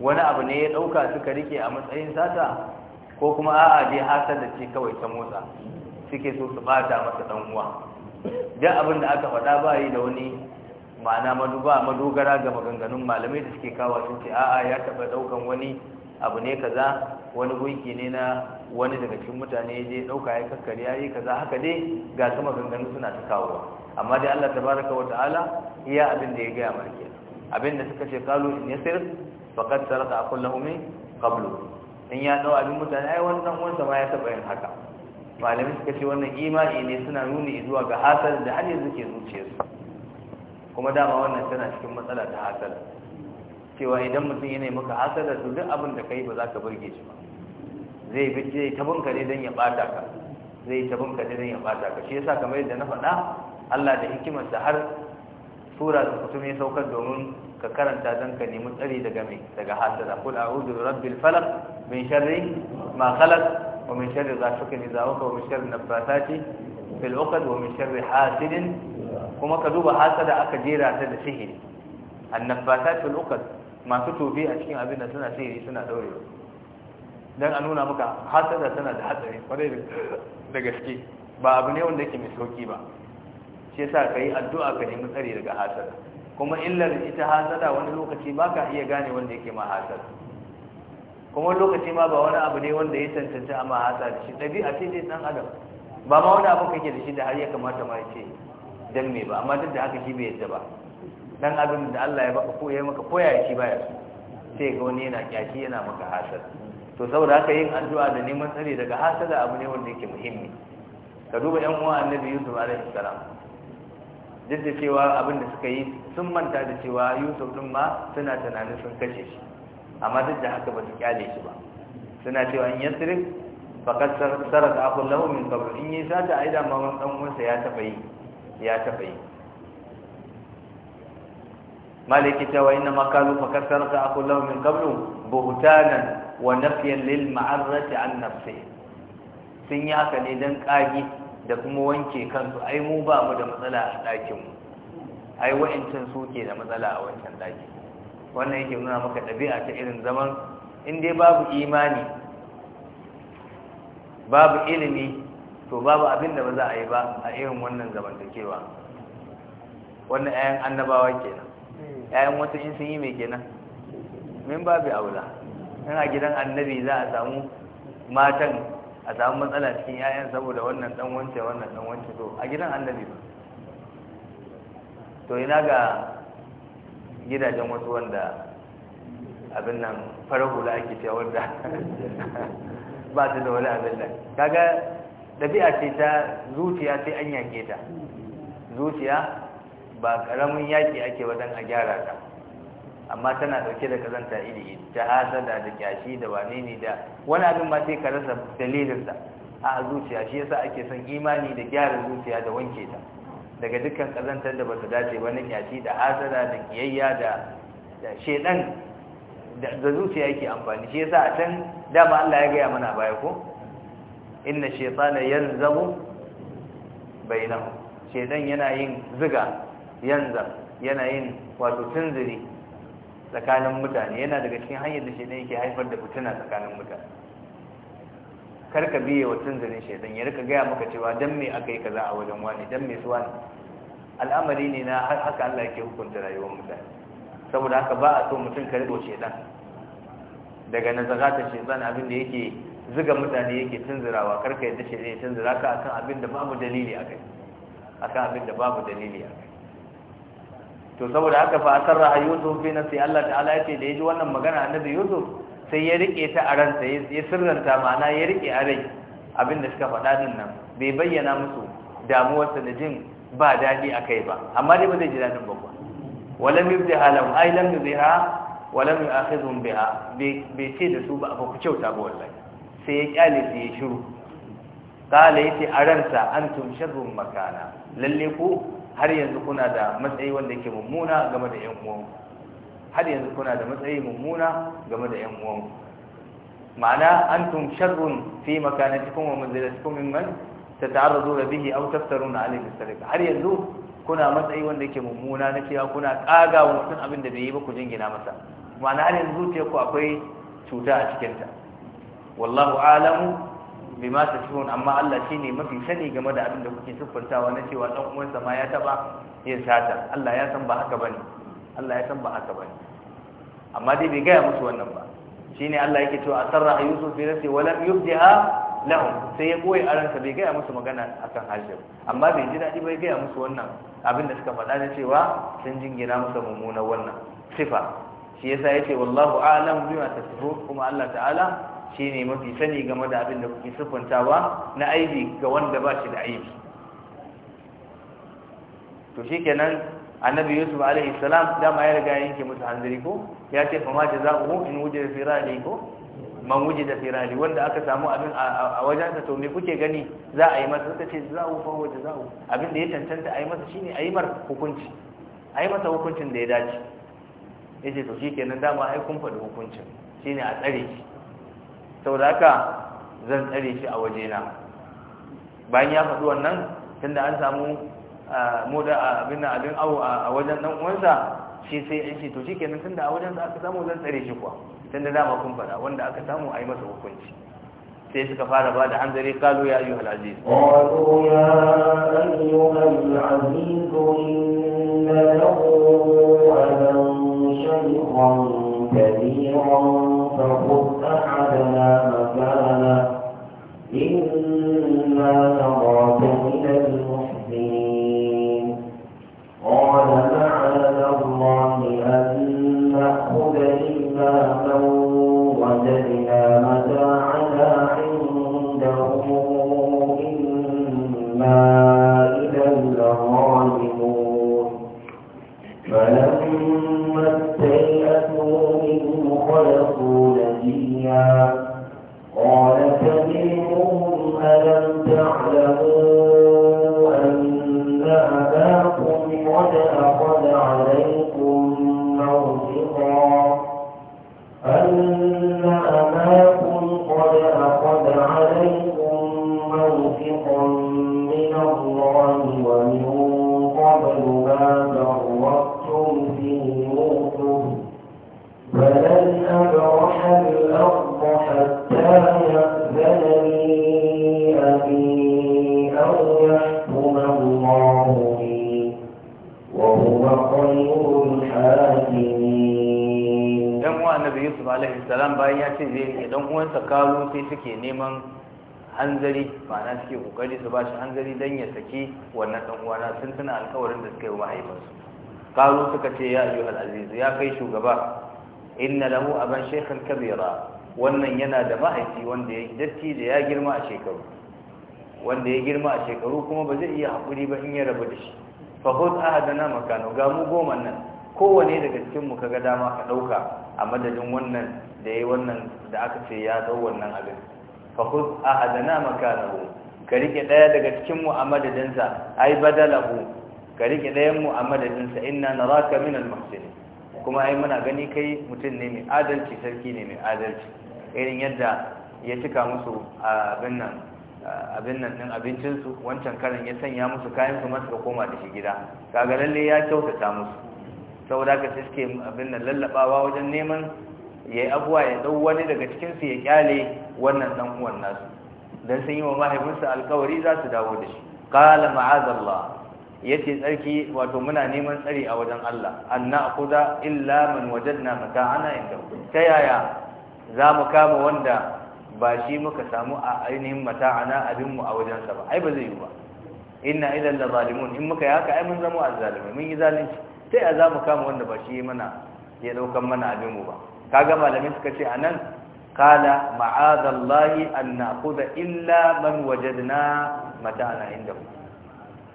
wani abu ne ya ɗauka suka rike a matsayin sata ko kuma a'a dai hasar da ce kawai ta motsa suke so su bata masa ɗan uwa duk abin da aka faɗa ba yi da wani ma'ana maduba madogara ga maganganun malamai da suke kawo sun ce a'a ya taɓa ɗaukan wani abu ne kaza wani gunki ne na wani daga cikin mutane ya je ɗauka ya kakkari ya yi kaza haka dai ga su maganganu suna ta kawo amma dai Allah tabaraka wa ta'ala iya abin da ya gaya mana kenan abin da suka ce kalu in yasir faqad saraka aqullahu min qablu in ya dau abin mutane ai wani dan uwansa ma ya taba yin haka malamin suka ce wannan imani ne suna nuni zuwa ga hasar da har yanzu ke zuciyarsu kuma dama wannan tana cikin matsala ta hasala cewa idan mutum yana maka hasala su duk abin da kai ba za ka burge shi ba zai fi zai tabin ka ne don ya bata ka zai tabin ka ne don ya bata ka shi yasa kamar yadda na faɗa Allah da hikimarsa har sura da kutum ne saukar domin ka karanta don ka nemi tsari daga mai daga hasada kul a'udhu bi rabbil falaq min sharri ma khalaq wa min sharri ghasiqin idha waqa wa min sharri nafathati fil 'uqad wa min sharri hasidin kuma ka duba hasada aka jera ta da sihiri annabasatul uqad masu tobi a cikin abin da suna sihiri suna daurewa dan a nuna maka hasada tana da hatsari kwarai da gaske ba abu ne wanda yake mai sauki ba shi yasa kai addu'a ka nemi tsari daga hasada kuma illar ita hasada wani lokaci baka iya gane wanda yake ma hasada kuma lokaci ma ba wani abu ne wanda ya tantance amma hasada shi ɗabi'a ce dai dan adam ba ma wani abu kake da shi da har ya kamata ma ya ce dan me ba amma duk da haka shi bai yadda ba dan abin da Allah ya baka ko yayi maka koya ya shi baya sai ga wani yana kyashi yana maka hasad to saboda haka yin addu'a da neman tsare daga hasada abu ne wanda yake muhimmi ka duba yan uwa annabi Yusuf alaihi salam duk da cewa abin da suka yi sun manta da cewa Yusuf din ma suna tunanin sun kashe shi amma duk da haka ba su kyale shi ba suna cewa in yasirin fakat sarata akullahu min qabl in yi sata aida ma wannan dan uwansa ya taba yi ya taɓa yi maliki cewa ina makalu makassar ka aku lau min kablu buhutanan wa nafiyan lil ma'arrati an nafsi sun yi haka ne don ƙagi da kuma wanke kansu ai mu ba mu da matsala a ɗakinmu ai wa'incin su ke da matsala a wancan ɗakin wannan yake nuna maka ɗabi'a ta irin zaman in dai babu imani babu ilimi to babu abin da ba za a yi ba a irin wannan zamantakewa wannan 'ya'yan annabawa kenan 'ya'yan wata in sun yi mai kenan min babu aula yana gidan annabi za a samu matan a samu matsala cikin 'ya'yan saboda wannan dan wance wannan dan wance to a gidan annabi ba to ina ga gidajen wasu wanda abin nan farar hula ake cewa wanda ba su da wani abin nan kaga ɗabi'a ce ta zuciya sai an yake ta zuciya ba ƙaramin yaƙi ake wajen a gyara ta amma tana ɗauke da kazanta iri ta hasada da kyashi da wane ne da wani abin ma sai ka rasa dalilinsa a zuciya shi yasa ake son imani da gyara zuciya da wanke ta daga dukkan kazantar da bata dace ba na kyashi da hasada da kiyayya da shedan da zuciya yake amfani shi yasa a can dama Allah ya gaya mana baya ko inna shaytana yanzabu bainahu shaytan yana yin ziga yanza yana yin wato tunzuri tsakanin mutane yana daga cikin hanyar da shaytan yake haifar da fitina tsakanin mutane karka biye wa tunzurin shaytan ya rika gaya maka cewa dan me aka yi kaza a wajen wani dan me su wani al'amari ne na har haka Allah yake hukunta rayuwar mutane saboda haka ba a so mutum ka rigo shaytan daga nazarata shaytan abin da yake zuga mutane yake tunzurawa karka yadda shi zai tunzura ka akan abin da babu dalili a kai akan abin da babu dalili a kai to saboda haka fa asarra a fi nafsi Allah ta'ala yake da yaji wannan magana annabi yusuf sai ya rike ta a ranta ya sirranta ma'ana ya rike a rai abin da suka faɗa din nan bai bayyana musu damuwarsa da jin ba daɗi a kai ba amma dai ba zai ji dadin ba walam yubdi halam ay lam yubdiha walam yu'akhidhum biha bi ce da su ba ku kyauta ba wallahi sai ya kyale sai ya shiru kala yace a ransa antum sharrun makana lalle ku har yanzu kuna da matsayi wanda yake mummuna game da yan uwan har yanzu kuna da matsayi mummuna game da yan uwan ma'ana antum sharrun fi makana cikin wa manzilatikum mimman da bihi aw taftaruna alayhi sarika har yanzu kuna matsayi wanda yake mummuna na cewa kuna kaga wa mutum abin da bai yi ba ku jingina masa ma'ana har yanzu ku akwai cuta a cikinta wallahu alamu bima tashurun amma Allah shine mafi sani game da abin da kuke siffantawa na cewa dan uwansa ma ya taba yin sata Allah ya san ba haka bane Allah ya san ba haka bane amma dai bai gaya musu wannan ba shine Allah yake cewa asarra yusuf bi nafsi wa lam yubdiha lahum sai ya koyi aransa bai gaya musu magana akan hajjar amma bai ji dadi bai gaya musu wannan abin da suka faɗa na cewa sun jingina musu mummunan wannan sifa shi yasa yace wallahu a'lam bima tasifun kuma Allah ta'ala ne mafi sani game da abin da kuke siffantawa na aibi ga wanda ba shi da aibi to shi kenan annabi yusuf alaihi salam dama ya riga yanke musu hanzari ko ya ce fa ma jazaohu in wuje da firali ko man wuje da firali wanda aka samu abin a wajen ta to me kuke gani za a yi masa suka ce jazaohu fa huwa jazaohu abin da ya tantanta a yi masa shine a yi mar hukunci a yi masa hukuncin da ya dace yace to shi shikenan dama ai kun faɗi hukuncin shine a tsare shi saboda haka zan tsare shi a wajena bayan ya faɗi wannan tunda an samu moda abin abin awo a wajen ɗan uwansa shi sai ya ce to shi kenan tunda a wajen aka samu zan tsare shi kuwa tunda dama kun fada wanda aka samu a yi masa hukunci sai suka fara ba da hanzari kalu ya yi halazi qalu وعدنا مكانا إنا نراكم ya ce zai iya uwansa kawo sai suke neman hanzari ma'ana suke kokari su bashi hanzari dan ya saki wannan dan uwana sun tuna alƙawarin da suka yi wa mahaifinsu kawo suka ce ya ayyuhal aziz ya kai shugaba inna lahu aban shekhan kabira wannan yana da mahaifi wanda ya datti da ya girma a shekaru wanda ya girma a shekaru kuma ba zai iya haƙuri ba in ya rabu da shi fahud ahadana makano ga mu goma nan kowane daga cikin mu kaga dama ka ɗauka a madadin wannan da ya wannan da aka ce ya zo wannan abin fa khudh ahadana makanahu ka rike daya daga cikin mu a madadinsa sa ai badalahu ka rike dayan mu a madadinsa sa inna naraka min almuhsinin kuma ai muna gani kai mutum ne mai adalci sarki ne mai adalci irin yadda ya cika musu abin nan abin nan din abincinsu wancan karin ya sanya musu kayan su masu koma da shi gida kaga lalle ya kyautata musu saboda ka suke abin nan lallabawa wajen neman yayi abuwa ya dau wani daga cikinsu ya kyale wannan dan uwan nasu dan sun yi wa mahaifinsa alkawari za su dawo da shi qala ma'azallah yace tsarki wato muna neman tsari a wajen Allah an na'khudha illa man wajadna mata'ana inda ta yaya za mu kama wanda ba shi muka samu a ainihin mata'ana abinmu a wajensa ba ai ba zai yi ba inna idan la zalimun in muka yi haka ai mun zama azzalimai mun yi zalunci Ta yaya za mu kama wanda ba shi mana ya daukan mana abin mu ba kaga malamin suka ce anan qala ma'adallahi an na'khudha illa man wajadna mata'ana inda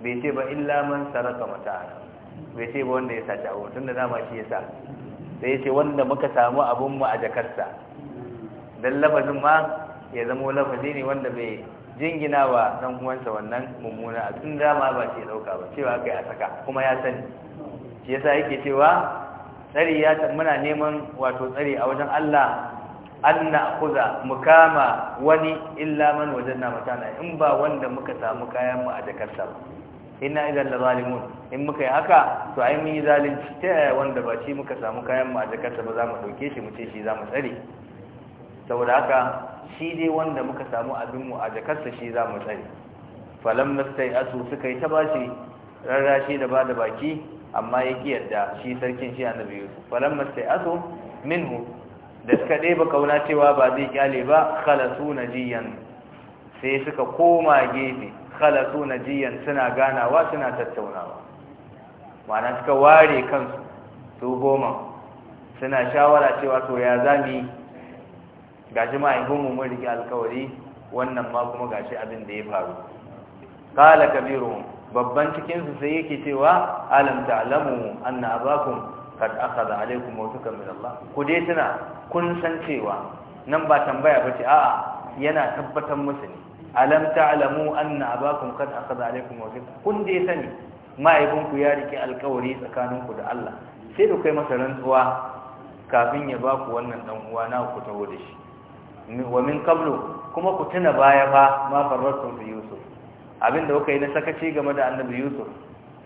bai ce ba illa man saraka mata'ana bai ce ba wanda ya sace abu tunda dama shi yasa sai ya ce wanda muka samu abun mu a jakarsa dan lafazin ma ya zama lafazi ne wanda bai jingina wa dan uwansa wannan mummuna a tun dama ba ce dauka ba cewa kai a saka kuma ya sani shi yasa yake cewa tsari ya ta muna neman wato tsari a wajen Allah an na'khudha mukama wani illa man wajanna matana in ba wanda muka samu kayan mu a jakarta ba inna idan la zalimun in muka yi haka to ai mun yi zalunci ta yaya wanda ba shi muka samu kayan mu a jakarta ba za mu dauke shi mu ce shi za mu tsare saboda haka shi dai wanda muka samu abin mu a jakarta shi za mu tsare falam asu suka yi ta bashi rarrashi da bada baki amma ya ki yadda shi sarkin shi annabi yusuf masai aso minhu da suka ɗeba kauna cewa ba zai kyale ba khalasu jiyan sai suka koma gefe khalasu jiyan suna ganawa suna tattaunawa ma'ana suka ware kansu su goma suna shawara cewa to ya zami gashi yi mu riƙe alkawari wannan ma kuma gashi abin da ya faru kala kabiru babban cikinsu sai yake cewa alam ta'lamu anna abakum kad akhadha alaykum mawtukan min Allah ku dai tana kun san cewa nan ba tambaya bace a'a yana tabbatar musu ne alam ta'lamu anna abakum kad akhadha alaykum mawtukan kun dai sani mahaifinku ya rike alkawari tsakaninku da Allah sai da kai masa rantsuwa kafin ya ba ku wannan dan uwa na ku taho da shi wa min qablu kuma ku tuna baya fa ma farratum bi yusuf abinda kuka yi na sakaci game da annabi yusuf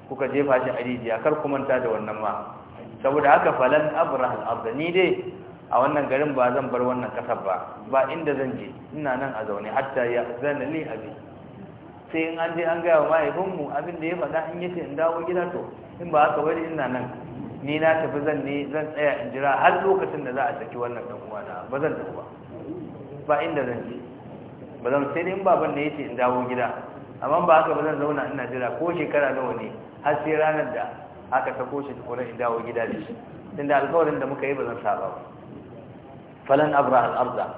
kuka jefa shi a rijiya kar ku manta da wannan ma saboda haka falan abrah al-ardh ni dai a wannan garin ba zan bar wannan kasar ba ba inda zan je ina nan a zaune hatta ya zana li abi sai in an je an gaya wa mahaifinmu abin da ya faɗa in yace in dawo gida to in ba haka bari ina nan ni na tafi zan ne zan tsaya in jira har lokacin da za a saki wannan dan na ba zan tafi ba ba inda zan je ba zan sai in baban ne yace in dawo gida amma ba haka ba zan zauna ina jira ko shekara nawa ne har sai ranar da aka koshe shi tukuna in dawo gida da shi din da alƙawarin da muka yi ba zan saba ba falan abra al arda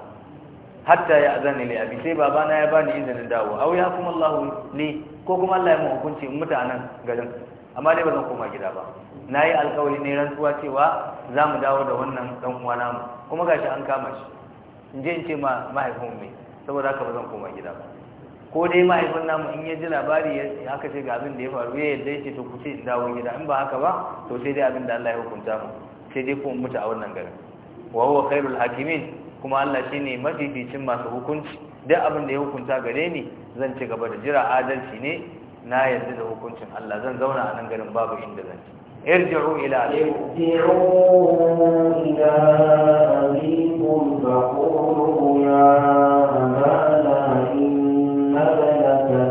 hatta ya azan li abi sai babana ya bani izinin dawo aw ya kuma Allah ne ko kuma Allah ya mu hukunci mutanen garin amma dai ba zan koma gida ba nayi alƙawari ne rantsuwa cewa za mu dawo da wannan dan uwa namu kuma gashi an kama shi in je in ce ma mahaifin mai saboda haka ba zan koma gida ba ko dai ma'aikon namu in ya ji labari ya haka ce ga abin da ya faru ya yadda ya ce to ku ce in dawo gida in ba haka ba to sai dai abin da Allah ya hukunta mu sai dai ku mutu a wannan garin wa huwa khairul hakimin kuma Allah shine mafificin masu hukunci duk abin da ya hukunta gare ni zan ci gaba da jira adalci ne na yarda da hukuncin Allah zan zauna a nan garin babu inda zan ci ارجعوا إلى ارجعوا إلى أبيكم فقولوا يا أبانا إن ما بلغ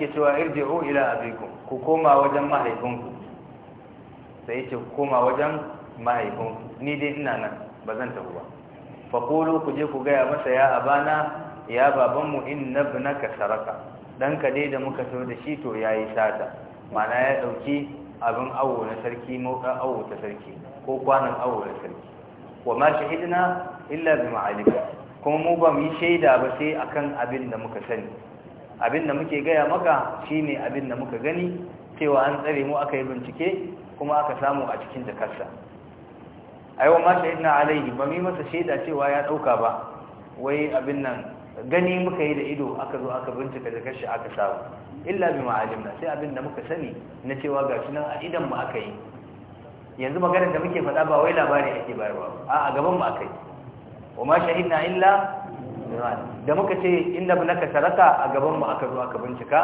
yake cewa irji'u ila abikum ku koma wajen mahaifinku sai yace ku koma wajen mahaifinku ni dai ina nan bazan tafi ba fa qulu ku je ku gaya masa ya abana ya babanmu inna ibnaka saraka ka dai da muka so da shi to yayi sata mana ya dauki abin awo na sarki moka awo ta sarki ko kwanan awo na sarki wa ma shahidna illa bi ma'alika kuma mu ba mu yi shaida ba sai akan abin da muka sani abin da muke gaya maka shine abin da muka gani cewa an tsare mu aka yi bincike kuma aka samu a cikin jakarsa aiwa ma shahidna alaihi ba mi masa shaida cewa ya ɗauka ba wai abin nan gani muka yi da ido aka zo aka bincika kashi aka samu illa bi ma'alimna sai abin da muka sani na cewa gashi nan a idan mu aka yi yanzu maganar da muke faɗa ba wai labari ake bayarwa a a gaban mu aka yi wa ma na illa da muka ce inda naka saraka a gaban mu aka zo aka bincika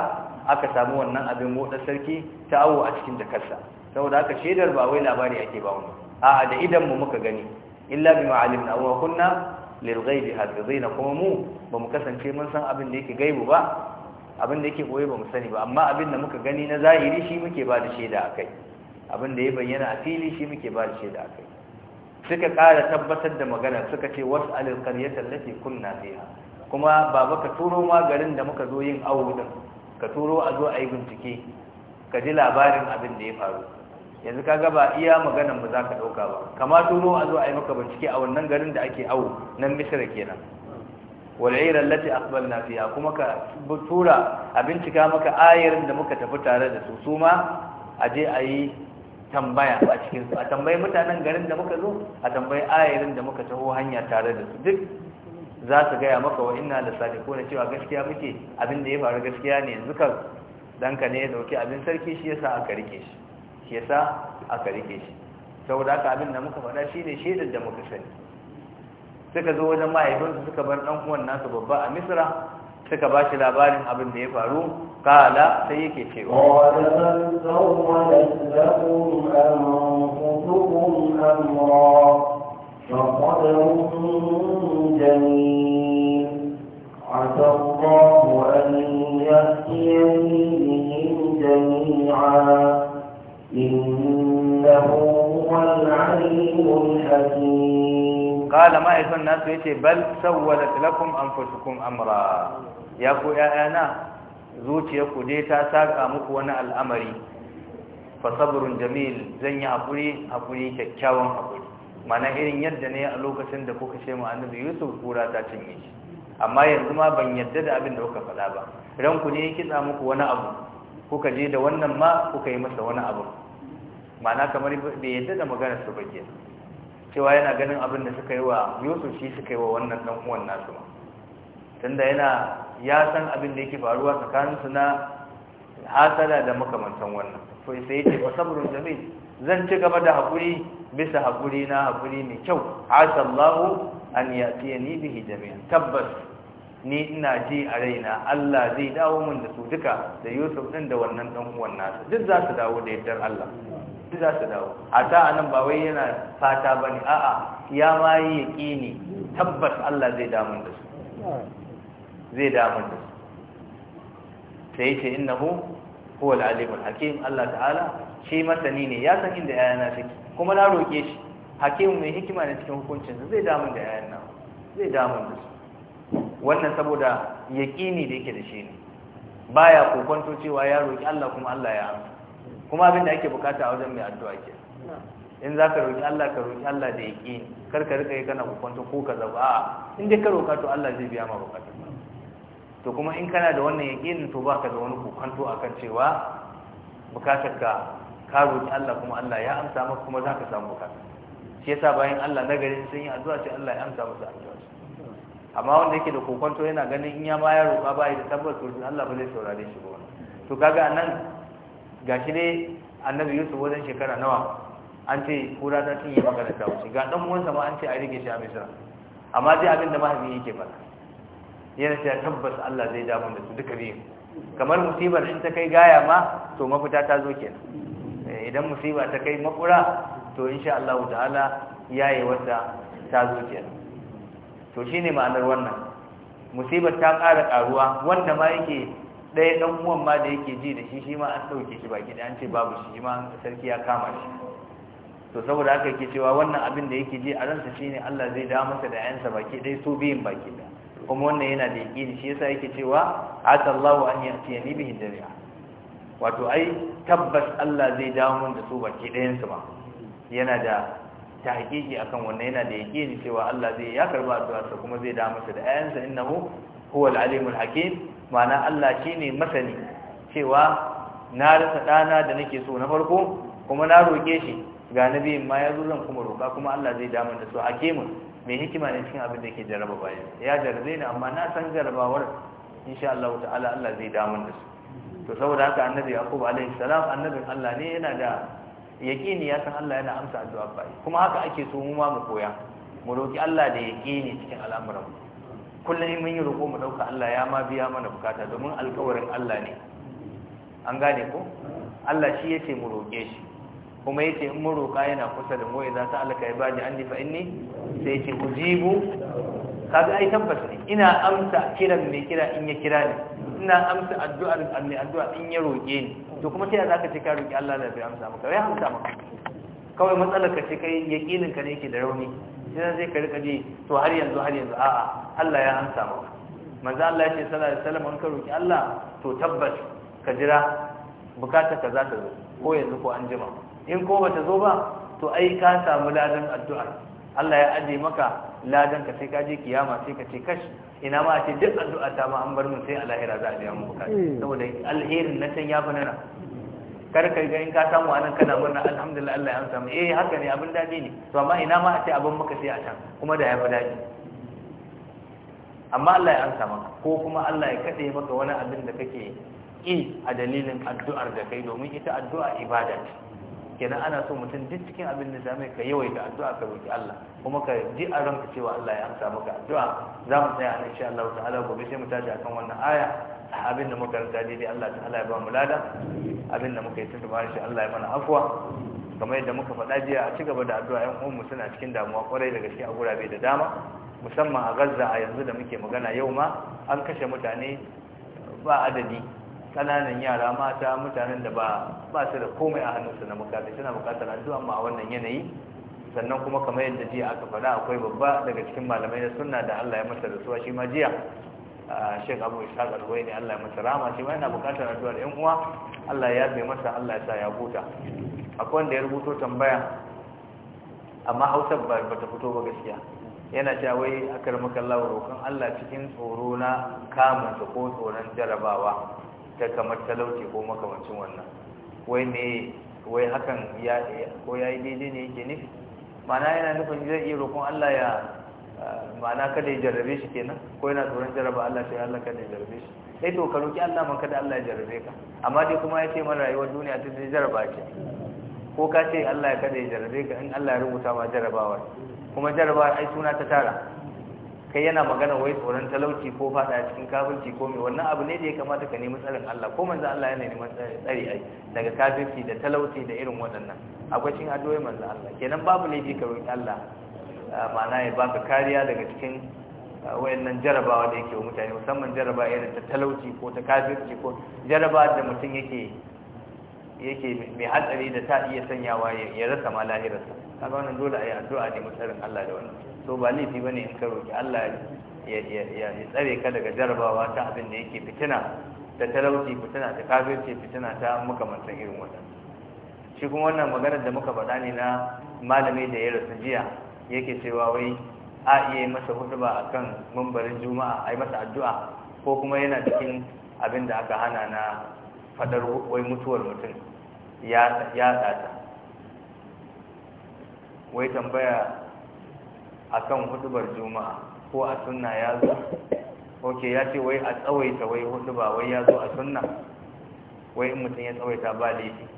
aka samu wannan abin motsa sarki ta awo a cikin jakarsa saboda aka shaidar ba wai labari ake ba wani a'a da idan mu muka gani illa ma'alim na wa kunna lil ghaibi na kuma mu ba mu kasance mun san abin da yake gaibu ba abin da yake boye ba mu sani ba amma abin da muka gani na zahiri shi muke ba da shaida akai abin da ya bayyana a fili shi muke ba da shaida akai suka kara tabbatar da magana suka ce wasu alƙaryatar tallafi kunna fiya kuma baba ka turo ma garin da muka zo yin awudin ka turo a zo a yi bincike ka ji labarin abin da ya faru yanzu kaga ba iya maganan ba za ka ɗauka ba kama turo a zo a yi maka bincike a wannan garin da ake awu nan misira kenan wal lati allati na fiya kuma ka tura a bincika maka ayarin da muka tafi tare da su su ma a je a yi tambaya a cikin su a tambayi mutanen garin da muka zo a tambayi ayarin da muka taho hanya tare da su duk za su gaya maka wa ina da sadiko na cewa gaskiya muke abin da ya faru gaskiya ne yanzu kan danka ne ya dauki abin sarki shi yasa aka rike shi shi yasa aka rike shi saboda haka abin da muka faɗa shi ne shaidar da muka sani suka zo wajen mahaifinsu suka bar ɗan uwan nasu babba a misra suka ba shi labarin abin da ya faru kala sai yake cewa عسى الله أن إنه هو العليم الحكيم qala ma aysan nasu yace bal sawwalat lakum anfusukum amra ya ku ya'yana ku dai ta saka muku wani al'amari fa sabrun jamil zan yi hakuri hakuri kyakkyawan hakuri mana irin yadda ne a lokacin da kuka ce mu annabi Yusuf kura ta cinye shi amma yanzu ma ban yadda da abin da kuka faɗa ba ku ne ya kitsa muku wani abu kuka je da wannan ma kuka yi masa wani abu mana kamar bai yadda da maganar su ba cewa yana ganin abin da suka yi wa yusuf shi suka yi wa wannan dan uwan nasu tunda yana ya san abin da yake faruwa tsakaninsu na hasada da makamantan wannan to sai yace wa sabrun jamil zan ci gaba da hakuri bisa hakuri na hakuri mai kyau asallahu an yatiyani bihi jamil tabbas ni ina ji a raina Allah zai dawo min da su duka da Yusuf din da wannan dan uwan nasu duk za su dawo da yardar Allah duk za su dawo a ta nan ba wai yana fata ba ne a'a ya ma yi ne tabbas Allah zai damun da su zai damun da su yi ce innahu huwal alimul hakim Allah ta'ala shi masani ne ya san inda yayana take kuma na roƙe shi hakim mai hikima ne cikin hukuncin su zai damun da yayan nan zai damun da su wannan saboda ne da yake da shi ne baya kokonto cewa ya roƙi Allah kuma Allah ya amsa kuma abin da ake bukata a wajen mai addu'a ke in za ka roƙi Allah ka roƙi Allah da ya ƙi kar ka riƙa yi kana kwakwanta ko ka zaba a in dai ka roƙa to Allah zai biya ma bukata to kuma in kana da wannan yaƙinin to ba ka da wani a kan cewa bukatar ka ka roƙi Allah kuma Allah ya amsa maka kuma za ka samu bukata shi yasa bayan Allah na gari sun yi addu'a sai Allah ya amsa musu addu'a amma wanda yake da kokwanto yana ganin in ya ma ya roƙa ba ya da tabbas to Allah ba zai saurare shi ba to kaga anan Ga shi ne annabi yusuf wajen shekara nawa an ce kura ta cinye maka da wuce ga dan uwansa ma an ce a rike shi a misira amma dai abin da mahaifin yake faɗa yana cewa tabbas Allah zai damu da su duka biyu kamar musibar in ta kai gaya ma to mafita ta zo ke eh, idan musiba ta kai makura to insha Allah ta'ala yi wata ta zo ke to shine ma'anar wannan musibar ta ƙara ƙaruwa wanda ma yake ɗaya ɗan uwan ma da yake ji da shi shi ma an ɗauke shi baki da an ce babu shi ma sarki ya kama shi to saboda haka yake cewa wannan abin da yake ji a ransa shi ne Allah zai dawo masa da ayansa baki ɗaya su biyun baki ɗaya, kuma wannan yana da yaƙi shi yasa yake cewa ata Allahu an yatiyani Bihin jami'a wato ai tabbas Allah zai dawo mun da su baki ɗayan su ma yana da ta hakiki akan wannan yana da yaƙi cewa Allah zai ya karba addu'arsa kuma zai dawo masa da ayansa innahu huwa al-alimul hakim ma'ana Allah shine masani cewa na rasa dana da nake so na farko kuma na roke shi ga nabi ma yazo zan kuma roka kuma Allah zai damu da su hakimin mai hikima ne cikin abin da yake jaraba bayan ya jarrabe ni amma na san jarabawar insha Allah ta'ala Allah zai damu da su to saboda haka annabi Yaqub alaihi salam annabin Allah ne yana da yaqini ya san Allah yana amsa addu'a bai kuma haka ake so mu ma mu koya mu roki Allah da yaqini cikin al'amuran mu kullum mun yi roƙo mu ɗauka Allah ya ma biya mana bukata domin alkawarin Allah ne an gane ko Allah shi ce mu roƙe shi kuma ce in mun roƙa yana kusa da mu idza sa'alaka bani an fa inni sai yace ujibu kaga ai tabbas ne ina amsa kiran mai kira in ya kira ni ina amsa addu'ar mai addu'a in ya roƙe ni to kuma sai ka ce ka roƙi Allah da bai amsa maka bai amsa maka kawai matsalar ka ce kai yaƙinin ka ne yake da rauni sai zai ka rika ji to har yanzu har yanzu a'a Allah ya amsa maka manzo Allah ya ce sallallahu alaihi wasallam an ka Allah to tabbas ka jira bukata ka za ta zo ko yanzu ko an jima in ko bata zo ba to ai ka samu ladan addu'a Allah ya aje maka ladan ka sai ka je kiyama sai ka ce kash ina ma a ce duk addu'a ta ma an bar mu sai a lahira za a biya mu bukata eh. saboda alherin na can ya fi nana kar ka ga in ka samu anan kana murna alhamdulillah Allah ya amsa mu eh haka ne abin daɗi ne to amma ina ma a ce abin maka sai a can kuma da ya fi daɗi amma Allah ya amsa maka ko kuma Allah ya kaɗe maka wani abin da kake yi a dalilin addu'ar da kai domin ita addu'a ibada ce kenan ana so mutum duk cikin abin da zame ka yawaita addu'a ka roki Allah kuma ka ji a ranka cewa Allah ya amsa maka addu'a za mu tsaya a insha Allah ta'ala gobe sai mu tashi akan wannan aya abin da muka rasa daidai Allah ta'ala ya ba mu lada abin da muka yi tuntuba shi Allah ya mana afwa kamar yadda muka faɗa jiya a ci gaba da addu'a ƴan mu suna cikin damuwa kwarai da gaske a gurabe da dama musamman a Gaza a yanzu da muke magana yau ma an kashe mutane ba adadi kananan yara mata mutanen da ba ba su da komai a hannunsu na bukata suna bukatar addu'a amma a wannan yanayi sannan kuma kamar yadda jiya aka faɗa akwai babba daga cikin malamai na sunna da Allah ya masa rasuwa shi ma jiya shek abu ishaq alwai ne allah ya masa rama shi ma yana bukatar addu'ar yan uwa allah ya yafe masa allah ya sa ya huta akwai wanda ya rubuto tambaya amma hausa ba ta fito ba gaskiya yana cewa wai akar makallawa roƙon allah cikin tsoro na ta ko tsoron jarabawa ta kamar talauci ko makamancin wannan wai ne wai hakan ya ko yayi daidai ne yake ne mana yana nufin zai iya roƙon allah ya ma'ana kada ya jarrabe shi kenan ko yana tsoron jarraba Allah sai Allah kada ya jarrabe shi sai eh to ka roki Allah man kada Allah ya jarrabe ka amma dai kuma ya ce mana rayuwar duniya ta zai jarraba ce ko ka ce Allah ya kada ya jarrabe ka in Allah ya rubuta ma jarrabawa kuma jarrabawa ai suna ta tara kai yana magana wai tsoron talauci ko fada cikin kafirci ko me wannan abu ne da ya kamata ka nemi tsarin Allah ko manzo Allah yana neman tsari ai daga kafirci da talauci da irin waɗannan akwai cin addu'o'i manzo Allah kenan babu laifi ka roki Allah ma'ana ya baka kariya daga cikin wayannan jarabawa da yake wa mutane musamman jaraba irin ta talauci ko ta kafirci ko jaraba da mutum yake yake mai hatsari da ta iya sanyawa ya rasa ma lahirarsa kaga wannan dole a yi addu'a ne mutarin Allah da wannan to ba laifi bane in ka roki Allah ya ya tsare ka daga jarabawa ta abin da yake fitina ta talauci fitina ta kafirci fitina ta makamantan irin wannan shi kuma wannan maganar da muka faɗa ne na malami da ya rasu jiya yake cewa wai a iya masa hutuba kan mambarin juma'a yi masa addu'a ko kuma yana cikin abin da aka hana na fadar wai mutuwar mutum ya tsata wai tambaya a kan hutubar juma'a ko a sunna ya zo ok ya ce wai a tsawaita wai hutuba wai ya zo a sunna wai in mutum ya tsawaita ba laifi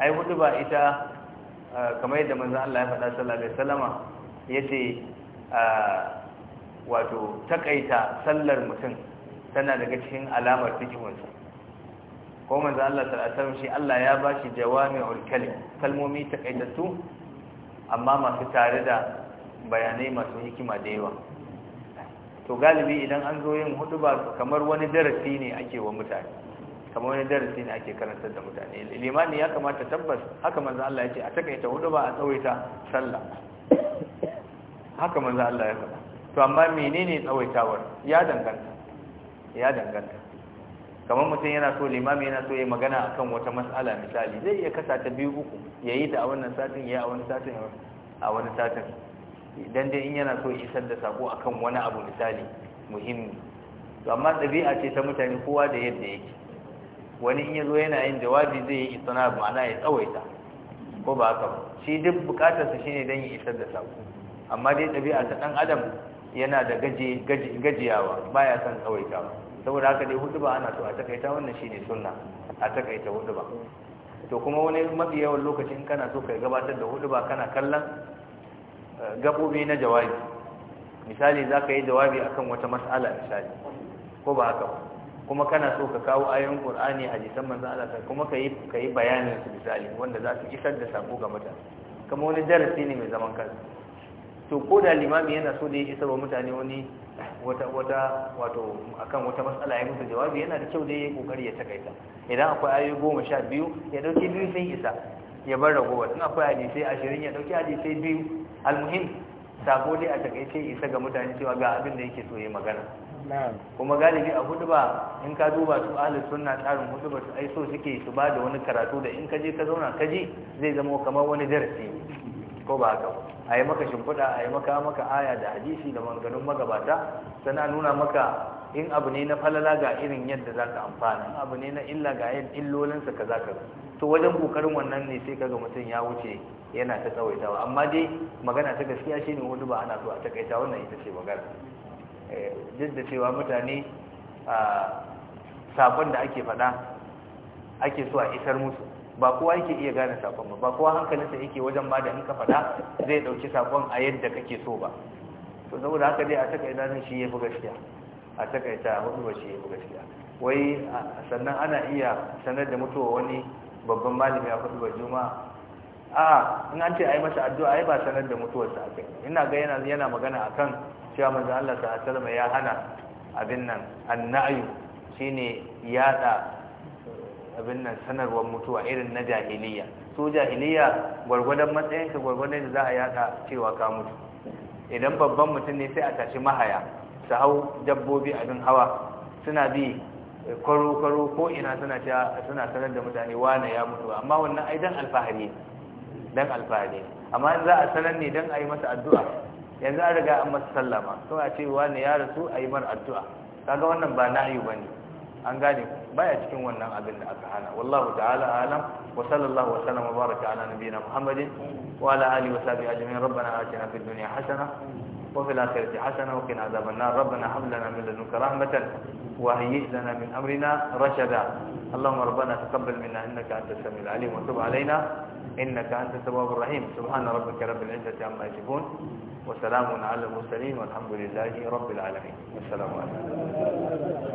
ai hutuba ita eh, kamar yadda manzan Allah ya faɗa sallallahu alaihi wasallama yace wato takaita sallar mutum tana daga cikin alamar fikihunsa ko manzo Allah sallallahu shi Allah ya bashi jawami'ul kalim kalmomi takaitattu amma masu tare da bayanai masu hikima da yawa to galibi idan an zo yin hutuba kamar wani darasi ne ake wa mutane kamar wani darasi ne ake karantar da mutane limani ya kamata tabbas haka manzo Allah ya ce a takaita hutuba a tsawaita sallah haka manzo Allah ya faɗa to amma menene tsawaitawar ya danganta ya danganta kamar mutum yana so limami yana so ya magana akan wata mas'ala misali zai iya kasa ta biyu uku yayi da a wannan satin ya a wannan satin a wani satin idan dai in yana so ya isar da sako akan wani abu misali muhimmi to amma ɗabi'a ce ta mutane kowa da yadda yake wani in yazo yana yin jawabi zai yi istinab ma'ana ya tsawaita ko ba haka ba shi duk bukatarsa shine dan ya isar da sako amma dai ɗabi'a ta ɗan adam yana da gajiyawa ba san son ba saboda haka dai hudu ba ana so a takaita wannan shi ne sunna a takaita hudu ba to kuma wani mafi yawan lokacin kana so kai gabatar da hudu ba kana kallon eh, gabobi na jawabi misali za ka yi jawabi a kan wata mas'ala misali ko ba haka ba kuma kana so ka kawo ayoyin qur'ani hadisan manzon Allah kuma ka yi ka yi bayanin su misali wanda za su isar da sako ga mutane kamar wani darasi ne mai zaman kansa to ko da limami yana so da ya isa wa mutane wani wata wata wato akan wata matsala ya musu jawabi yana da kyau da ya kokari ya takaita idan akwai ayoyi goma sha biyu ya dauki biyu sai isa ya bar ragowar in akwai hadisai ashirin ya dauki hadisai biyu almuhim sako dai a takaice isa ga mutane cewa ga abin da yake so ya magana kuma galibi a ba in ka duba su ahli sunna tsarin huduba su ai so suke su ba da wani karatu da in ka je ka zauna ka ji zai zama kamar wani darasi ko ba haka a yi maka shimfiɗa a yi maka maka aya da hadisi da manganun magabata sana nuna maka in abu ne na falala ga irin yadda za ka amfana in abu ne na illa ga yin illolinsa ka za ka to wajen kokarin wannan ne sai kaga mutum ya wuce yana ta tsawaitawa amma dai magana ta gaskiya ne wani ba ana so a takaita wannan ita ce magana eh, duk da cewa mutane a ah, sabon da ake faɗa ake so a isar musu ba kowa yake iya gane sakon ba ba kowa hankalinsa yake wajen ba da in ka zai ɗauki sakon a yadda kake so ba to saboda haka dai a taka idan shi ya gaskiya a ita wani ba shi ya gaskiya wai sannan ana iya sanar da mutuwa wani babban malami a hudu ba juma'a a in an ce a yi masa addu'a ai ba sanar da mutuwarsa sa kai ina ga yana yana magana akan cewa manzo Allah ta'ala ya hana abin nan annayu shine yada abin nan sanarwar mutuwa irin na jahiliya su jahiliya gwargwadon matsayinka gwargwadon da za a yaka cewa ka mutu idan babban mutum ne sai a tashi mahaya su hau dabbobi abin hawa suna bi kwaro-kwaro ko ina suna suna sanar da mutane wane ya mutu amma wannan ai dan alfahari ne dan alfahari amma in za a sanar ne dan a yi masa addu'a yanzu an riga an masa sallama to a ce wane ya rasu a yi mar addu'a kaga wannan ba na'ayu bane an gane ku baya cikin wannan abin da aka hana wallahu ta'ala alam wa sallallahu wa sallam wa baraka ala nabiyyina muhammadin wa ala alihi wa sahbihi ajma'in rabbana atina fid dunya hasana wa fil akhirati hasana wa qina adhabannar rabbana hab lana rahmatan wa hayyi lana min amrina rashada اللهم ربنا تقبل منا انك انت السميع العليم وتب علينا انك انت التواب الرحيم سبحان ربك رب العزه عما يصفون وسلام على المرسلين والحمد لله رب العالمين والسلام عليكم